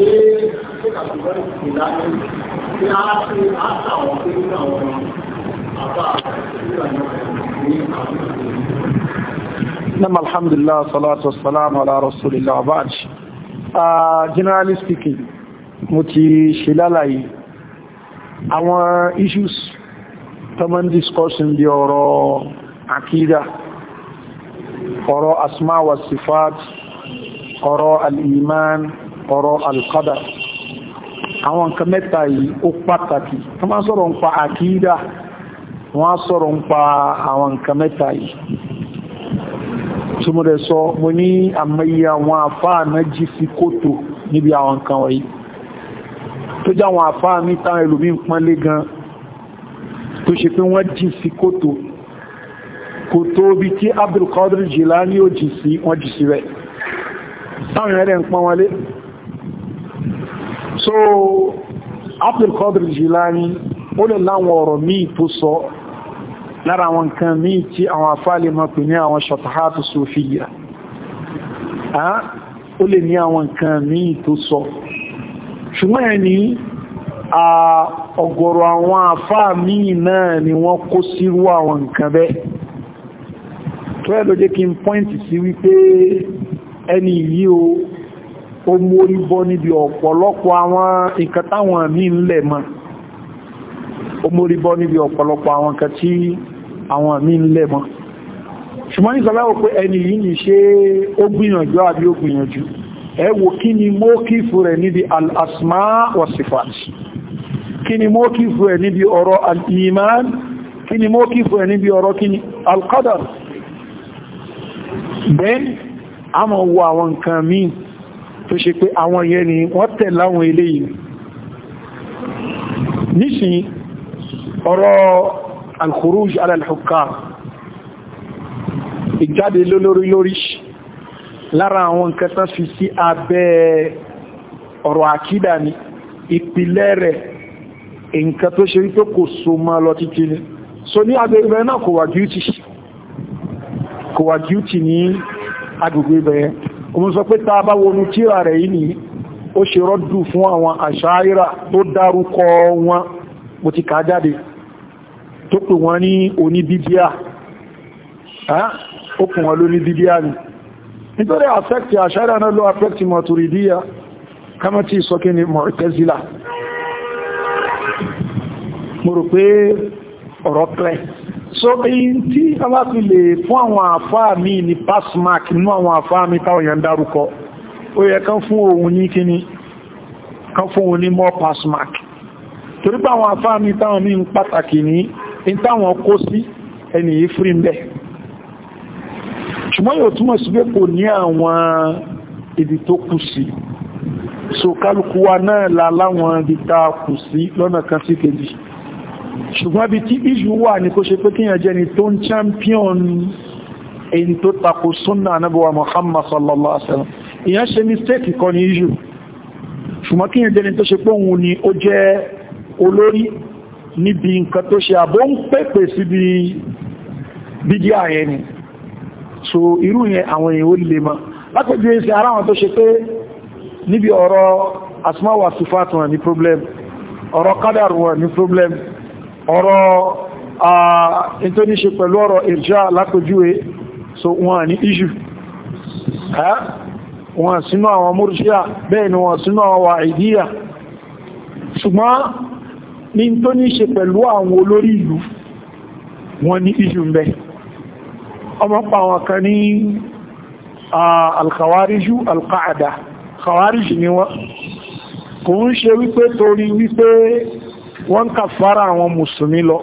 pé kíkàtúkọ́ ìdájọ́ tí a ṣe àtàwọn pé ní àwọn àbá ìgbà náà ní àwọn Nam alhamdulillah salatu wassalamu ala rasulillah abaj. Uh, ah, generally speaking, mo ti ṣe lálàyé àwọn issues common discussion bí ọ̀rọ̀ àkídà, ọ̀rọ̀ asma wa sifat, ọ̀rọ̀ al-iman, ọ̀rọ̀ alkada àwọn nǹkan mẹ́ta yìí ó pàtàkì tó máa sọ̀rọ̀ ń pa àkídà wọ́n á sọ̀rọ̀ ń pa àwọn nǹkan mẹ́ta yìí tí mo rẹ̀ sọ mo ní àmàyí àwọn àfáà náà jí sí kòtò níbi àwọn nǹkan wọ̀nyí tó já àwọn àfáà ní táwọn ẹlòmí ń pọ́nlé gan tó ṣe pé wọ́n jí sí kòtò kòtò bí tí Abdul Qadir Jilani ó jí sí wọ́n jí sí rẹ̀ táwọn ẹ̀rẹ́ ń pọ́n wọlé so Abdulkadir Jilani ó lè láwọn ọ̀rọ̀ míì tó sọ lára àwọn nǹkan míì tí àwọn afáàlè máa pè ní àwọn ṣọ̀tàhátù sófíyà ó lè ní àwọn nǹkan míì tó sọ ṣùgbọ́n ẹni a ọ̀gọ̀rọ̀ àwọn àfáà míì náà ni wọ́n kó sírú àwọn nǹkan bẹ́ tó ẹ̀ kí n pọ́ìntì sí wípé ẹni yìí o tó mórí bọ́ níbi ọ̀pọ̀lọpọ̀ àwọn nǹkan táwọn mí ń lẹ̀ mọ́ ó mórí bọ́ níbi ọ̀pọ̀lọpọ̀ àwọn nǹkan tí àwọn mí ń lẹ̀ mọ́ ṣùgbọ́n ní sọláwọ̀ pé ẹni yìí ní ṣe ó gbìyànjú àbí ó gbìyànjú ẹ wò kí ni mó kí fún rẹ̀ níbi al-asma wa sifat kí ni mó kí fún rẹ̀ níbi ọ̀rọ̀ al-iman kí ni mó kí fún rẹ̀ níbi ọ̀rọ̀ kí ni al-qadar then a mọ̀ wo àwọn nǹkan míì tó ṣe pé àwọn yẹn ni wọ́n tẹ̀ láwọn eléyìí nísìn ọ̀rọ̀ al-khuruj ala al-hukam ìjáde lólórí lórí lára àwọn nǹkan tán fi sí abẹ́ ọ̀rọ̀ àkídà ni ìpìlẹ̀ rẹ̀ nǹkan tó ṣe wípé kò so mọ́ lọ títí ni so ní agbègbè ibẹ̀ náà kò wà duty ní agbègbè ibẹ̀ yẹn òun sọ pé ta bá wọnú tíra rẹ̀ yìí ni ó ṣe rọ́dù fún àwọn àṣáírà tó dárúkọ wọn bó ti kà jáde tó pè wọ́n ní oníbíbíà ó pè wọ́n lóní bíbíà ni nítorí affect àṣáírà náà ló affect maturidiyya kama ti sọ ni mu'tazila mo rò pé ọ̀rọ̀ clear so in tí a bá fi lè fún àwọn àfáà mi ní passmark nínú àwọn àfáà mi táwọn èèyàn dárúkọ ó yẹ kán fún òun ni kíní kán fún òun ní more passmark torí pé àwọn àfáà mi táwọn mi ń pàtàkì ní in táwọn kó sí ẹni yìí fúrí mbẹ̀ ṣùgbọ́n yóò túnmọ̀ sí pé kò ní àwọn ibi tó kù sí so kálukú wa náà la láwọn ibi tá kù sí lọ́nà kan sí kejì ṣùgbọ́n bí tí ìṣù wà ní kó ṣe pé kíyàn jẹ́ ni tó ń champion in tó takò súnnà anábọ̀wà Muhammad sallallahu alaihi wasallam ìyàn ṣe mistake kọ́ ní ìṣù ṣùgbọ́n kíyàn jẹ́ ni tó ṣe pé òun ni ó jẹ́ olórí níbi nǹkan tó ṣe àbó ń pẹ́pẹ́ sí bí ni so irú yẹn ọ̀rọ̀ asma wa sifat wọn ní problem ọ̀rọ̀ kádàrù wọn ní problem ọ̀rọ̀ tó ní ṣe pẹ̀lú ọ̀rọ̀ ìrjá lápòjúwé so wọ́n ní iṣu wọ́n sínú àwọn múrṣíà bẹ́ẹ̀ ni wọ́n sínú àwọn wàídíyà ṣùgbọ́n ní tó ní ṣe pẹ̀lú àwọn olórí ìlú wọ́n ní iṣu mbẹ́ ọmọ pa kan ní wọ́n kà fara àwọn mùsùlùmí lọ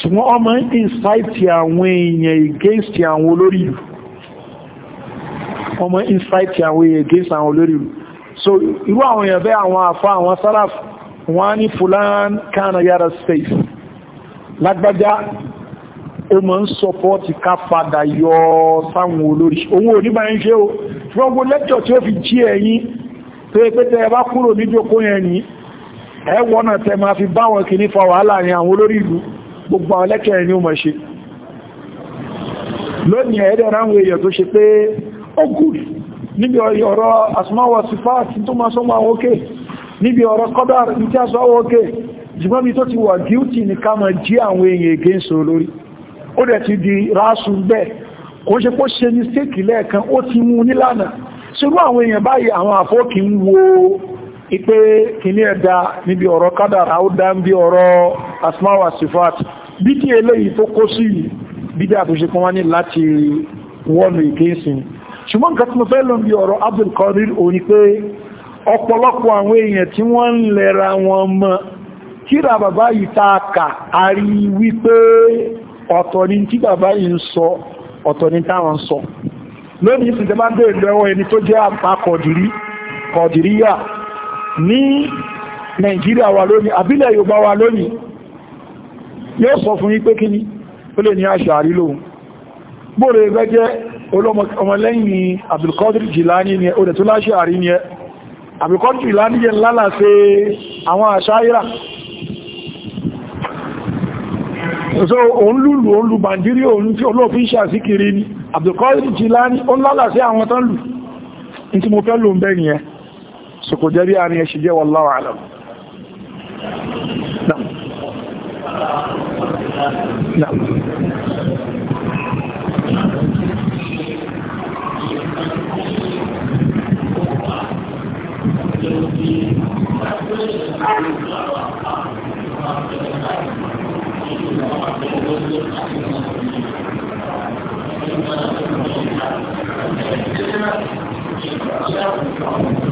ṣùgbọ́n ọmọ insight àwọn èèyàn against àwọn olórí ìlú ọmọ insight àwọn èèyàn against àwọn olórí ìlú so irú àwọn èèyàn bẹ́ àwọn àfá àwọn sáraf wọ́n ní fulan kánà yára safe lágbájá ó mọ̀ ń support ká padà yọ sáwọn olórí òun ò ní bá ń ṣe o fún ọgbọ́n lẹ́kọ̀ọ́ tí ó fi jí ẹ̀yìn tó ẹgbẹ́tẹ̀ ẹ bá kúrò níjókòó yẹn yìí ẹwọ́ náà tẹ ma fi báwọn kì ní fa wàhálà ní àwọn olórí ìlú gbogbo àwọn lẹ́kẹ̀ẹ́ ni ó mọ̀ ṣe lónìí ẹ̀ẹ́dẹ̀ ráwọn èèyàn tó ṣe pé ó gùn níbi ọ̀rọ̀ asmáwọ̀ sífà tí tó máa sọ́mọ́ àwọn òkè níbi ọ̀rọ̀ kọ́dà tí a sọ́wọ́ òkè jùmọ́bí tó ti wà gíútì ní ká mọ̀ jí àwọn èèyàn ègéǹsọ lórí ó dẹ̀ ti di ráásù bẹ́ẹ̀ kò ṣe pó ṣe ní stéèkì lẹ́ẹ̀kan ó ti mú nílànà ṣerú àwọn èèyàn báyìí àwọn àfọ́kì ń wo Ipe kini ẹ̀dá níbi ọ̀rọ̀ kádàrà ó dá ń bí ọ̀rọ̀ asmawa sifat bí kí eléyìí tó kó sí bídá àtúnṣe kan wá ní láti wọ́nù ìkéyìsìn ṣùgbọ́n nǹkan tí mo fẹ́ lọ bí ọ̀rọ̀ Abdul orí pé ọ̀pọ̀lọpọ̀ àwọn èèyàn tí wọ́n ń lẹ́ra wọn mọ́ kíra bàbá yìí tààkà a rí wípé ọ̀tọ̀ ni tí bàbá yìí ń sọ ọ̀tọ̀ ni táwọn sọ lónìí ẹni tó jẹ́ àpá ní nigeria wà lónìí àbílẹ̀ yorùbá wà lónìí yóò sọ fún yín pé ó lè ní lóhun bóòrò ẹgbẹ́ jẹ́ ọmọlẹ́yìn Abdulkadir Jilani ni ó dẹ̀tún l'Ash'ari ni ẹ Abdulkadir Jilani jẹ́ lálà sí àwọn àṣáyíra so òun lùlù òun lù bàndírí òun tí olóòfin ni Abdulkadir Jilani ó lálà sí àwọn tán lù ní tí mo fẹ́ lò ń bẹ́ so kò jẹ́ bí àrin ẹ̀ṣì jẹ́ wallahu alam Thank you.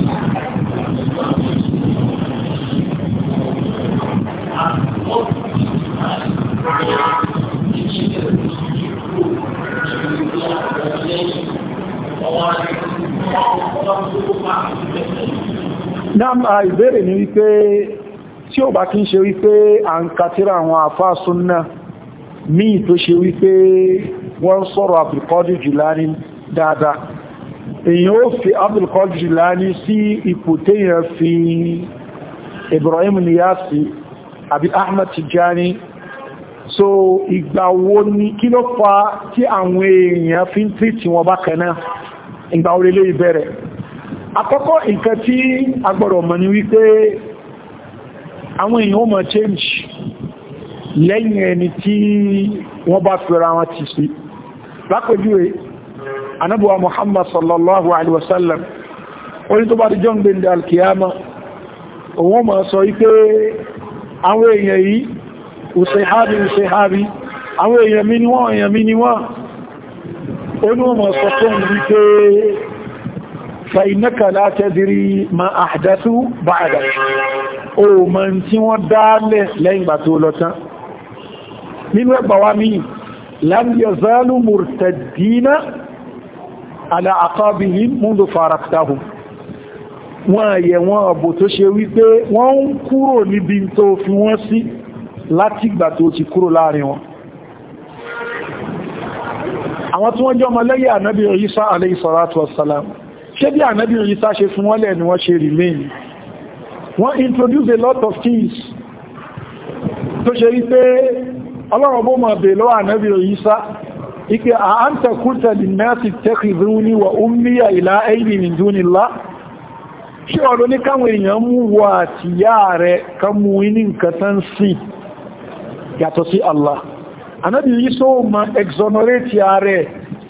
náà ìbéèrè ni wípé tí ó bá kí ń ṣe wípé à ń kàtírà àwọn àfáà súnnà míì tó ṣe wípé wọ́n sọ̀rọ̀ Abdulkadir Jilani dáadáa èyàn ó fi Abdulkadir Jilani sí ipò téèyàn fi Ibrahim Niyasi àbí Ahmed Tijani so ìgbà wo ni kí ló fa tí àwọn èèyàn fi ń tìtì wọn bákan náà ìgbà orílẹ̀ ìbẹ̀rẹ̀ akụkọ nǹkan tí agbọ́rọ̀ mọ̀ ní wípé àwọn èèyàn ó change lẹ́yìn ẹni tí wọ́n bá fẹ́ra wọn ti sí anábúwa Muhammad sallallahu alaihi wasallam orí tó bá di john alkiyama òun mọ̀ sọ wípé àwọn èèyàn yìí ùsèhábi ùsèhábi àwọn èèyàn mi ni wọ́n èèyàn mi ni wọ́n فإنك لا تدري ما أحدثوا بعدك او من تي وان دال لين باتو لوتا من بوامي لم يزالوا مرتدين على عقابهم منذ فارقتهم wọ́n yẹ wọ́n ọ̀bọ̀ tó ṣe wípé wọ́n ń kúrò níbi tó fi wọ́n sí láti ìgbà tó ti kúrò láàrin wọn àwọn tí wọ́n jẹ́ ọmọ lẹ́yìn ànábì Ìsá alayhi salatu wassalam ṣé bí ànábì Ìsá ṣe fún wọ́n ni wọ́n ṣe remain wọ́n introduce a lot of things tó ṣe rí pé ọlọ́run bó mọ̀ bèèrè lọ́wọ́ ànábì Ìsá ike a an ta kúta lè náà ti tẹ́kìdúní wa ummiya ìlà aini min dunillah ṣe ọ̀rọ̀ ní káwọn èèyàn mú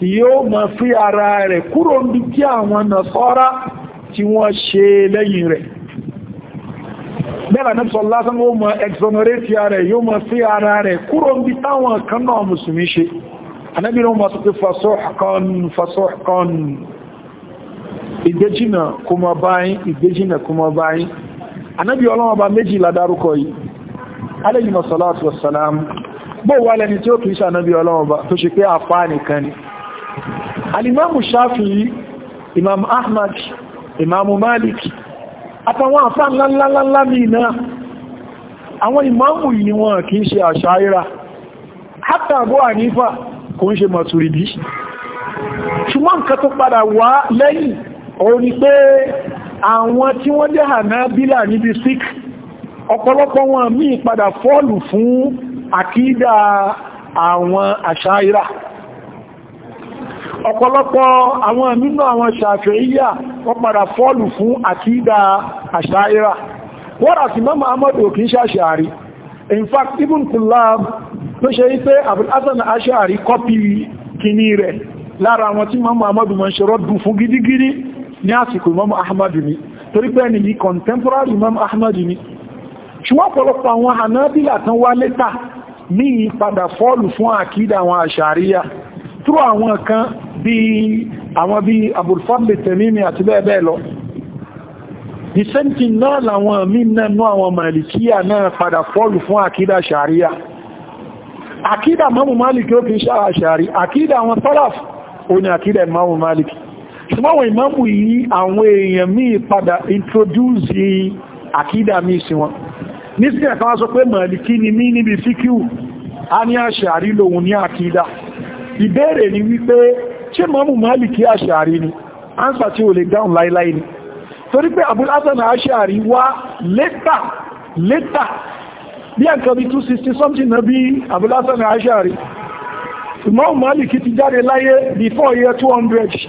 yóò mọ̀ fí ara rẹ̀ kúrò ń bí tí àwọn nàṣọ́rá tí wọ́n ṣe lẹ́yìn rẹ̀ bẹ́ẹ̀rẹ̀ nípsọ lásán ó mọ̀ exonerate ara rẹ̀ yóò mọ̀ fí ara rẹ̀ kúrò ń bí táwọn kan náà musulmi ṣe anábìnrin wọn sọ pé fasọ́kan fasọ́kan ìgbéjìnà kúmọ báyìí ìgbéjìnà kúmọ báyìí anábì bó wà lẹni tí ó kìí sànábì ọlọ́wọ́ bá tó ṣe pé àfáà nìkan ni alimamu shafi'i imam ahmad imamu malik àtàwọn àfá ńláńláńlá mìíràn àwọn imamu yìí wọn kì í ṣe àṣáírà hátà Abu Hanifa kò ń ṣe maturidi ṣùgbọ́n nǹkan tó padà wá lẹ́yìn òun ni pé àwọn tí wọ́n jẹ́ Hanabila níbi sikh ọ̀pọ̀lọpọ̀ wọn míì padà fọ́ọ̀lù fún àkídà àwọn àṣáírà ọ̀pọ̀lọpọ̀ àwọn nínú àwọn ṣàfẹ́yà wọ́n padà fọ́ọ̀lù fún àkídà àṣáírà wọ́n rà sí mọ́mọ̀ amọ́dò kìí ṣàṣàrí in fact even Kullab ló ṣe yí pé abúlhassan àṣàrí kọ́pì kìíní rẹ̀ lára àwọn tí mọ́mọ̀ amọ́dù mọ́ ṣe rọ́dù fún gidigidi ni contemporary mọ́mọ̀ ahmadu ni ṣùgbọ́n ọ̀pọ̀lọpọ̀ àwọn hanabila tán wá lẹ́tà ní ìpadà fọ́ọ̀lù fún àkídà àwọn àṣàríyà tó àwọn kan bí àwọn bí abúrfàbì tẹ̀mímì àti bẹ́ẹ̀bẹ́ẹ̀ lọ the same thing náà làwọn mínà nú àwọn màlìkíyà náà padà fọ́lù fún àkídà sàríyà àkídà mọ́mù málìkì ó fi sára sàrí àkídà àwọn tọ́láf ó ní àkídà mọ́mù málìkì ṣùgbọ́n ìmọ́mù yìí àwọn èèyàn míì padà introduce àkídà míì sí wọn nísìnyí ẹ̀kan wá sọ pé màlìkí ni mí níbi fíkíù a ní àṣàrí lòun ní àkídà ìbéèrè ni wípé ṣe mọ́mù Málìkì Aṣàrí ni ánsà tí ó lè dáhùn láíláí ni torí pé Abul Hasan Aṣàrí wá létà létà bí a nǹkan bí 260 something na bí Abul Hasan Aṣàrí Imam Málìkì ti jáde láyé before year 200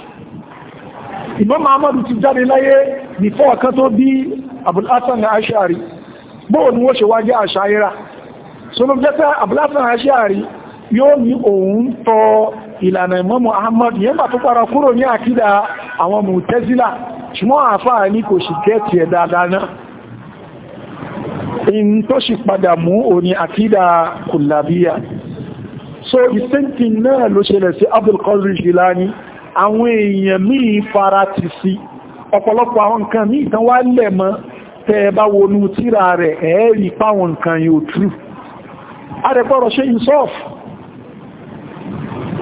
Imam Ahmadu ti jáde láyé before kan tó bí Abul Hasan Aṣàrí bóò ni wọ́n ṣe wá jẹ́ àṣáyíra so ló jẹ́ pé yóò ní òun tọ ìlànà Imam Ahmad yẹn bà tó para kúrò ní àkídà àwọn Mu'tazila ṣùgbọ́n àfáà ní kò sì gẹ́ẹ̀tì ẹ̀ dáadáa náà in tó sì padà mú òní àkídà kùlàbíyà so ìsẹ́ntì náà ló ṣẹlẹ̀ sí Abdul Qadir Jilani àwọn èèyàn míì fara ti sí ọ̀pọ̀lọpọ̀ àwọn nǹkan míì tán wá lẹ̀ mọ́ tẹ́ rẹ̀ ẹ̀ẹ́rì páwọn nǹkan yóò trú a rẹ̀ pọ̀rọ̀ ṣe insof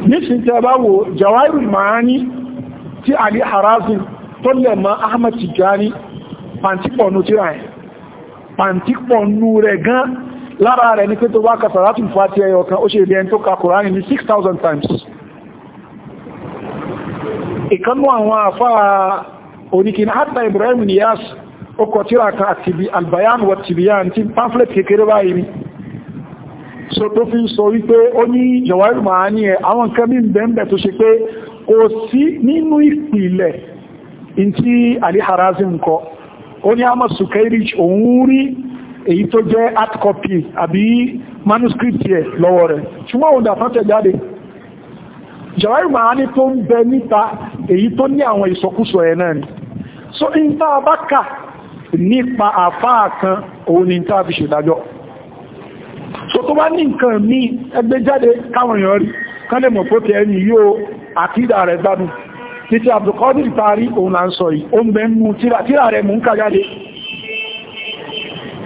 nísìn tẹ́ bá wo Jawahirul Ma'ani tí Ali Harazim tó lẹ̀ mọ́ Ahmad Tijani pàntípọ̀nù tíra ẹ̀ pàntípọ̀nù rẹ̀ gan lára rẹ̀ ní pé tó wá kàtàrátù fàtí ẹyọ kan ó ṣe ilẹ̀ tó ka Kùránì ní 6,000 times ìkanú àwọn àfáà oníkìní hatta Ibrahim Niyas ó kọ tíra kan àti albayan wa tibiyan tí pamphlet kékeré báyìí so tó fi ń sọ wípé ó ní jọ̀wárù máa ní ẹ àwọn nǹkan mí bẹ̀m̀bẹ̀ tó ṣe pé kò sí nínú ìpìlẹ̀ in tí Ali Harazi ń kọ ó ní àmọ́ Sukairij òun rí èyí tó jẹ́ art copy àbí manuscript yẹ lọ́wọ́ rẹ̀ ṣùgbọ́n òun dà fọ́tẹ̀ jáde jọ̀wárù máa ní tó ń bẹ níta èyí tó ní àwọn ìsọkúsọ ẹ̀ náà ni so in tá a bá kà nípa àfáà kan òun ni tá a fi ṣèdájọ́ tó bá ní nǹkan mí ẹgbẹ́ jáde káwọn èèyàn rí kán lè mọ̀ pókè ẹni yóò àkídà rẹ̀ gbádùn títí Abdulkadir Tari òun là ń sọ yìí o ń bẹ mú tíra rẹ̀ mú ń kájáde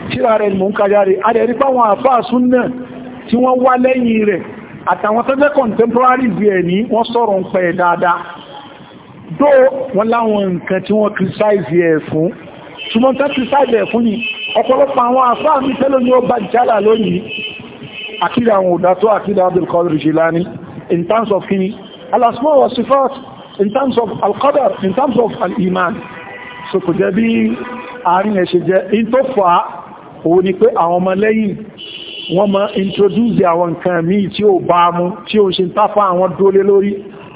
tíra rẹ̀ mú ń kájáde a rẹ̀ páwọn àfáà súnnà tí wọ́n wá lẹ́yìn rẹ̀ àtàwọn tẹ́jẹ́ contemporary bí ẹ̀ ní wọ́n sọ̀rọ̀ ń pẹ̀ dáadáa dó wọ́n láwọn nǹkan tí wọ́n criticize ẹ̀ fún ṣùgbọ́n tẹ́ criticize ẹ̀ fún ni ọ̀pọ̀lọpọ̀ àwọn àfáà mi tẹ́lò ní ó bá jálà lónìí àkídà àwọn òdá tó àkídà Abdulkadir Jilani in terms of kini alasmọ́ wa sifat in terms of alqadar in terms of al-iman so kò jẹ́ bí àárín ẹ̀ṣẹ̀ jẹ́ in tó fà òun ni pé àwọn ọmọ lẹ́yìn wọ́n ma introduce àwọn nǹkan míì tí ó bá mú tí ó ṣe ń tápá àwọn dólé lórí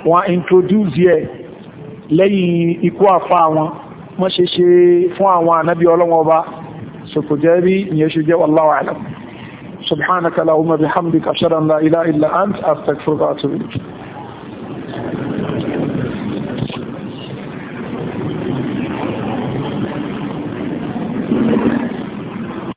wọ́n introduce ẹ̀ lẹ́yìn ikú àfá àwọn wọ́n ṣe ṣe fún àwọn ànábí ọlọ́wọ́ ọba so kò jẹ́ bí ìyẹn ṣe jẹ́ wallahu alam سبحانك اللهم بحمدك أشهد أن لا إله إلا أنت أستغفرك وأتوب إليك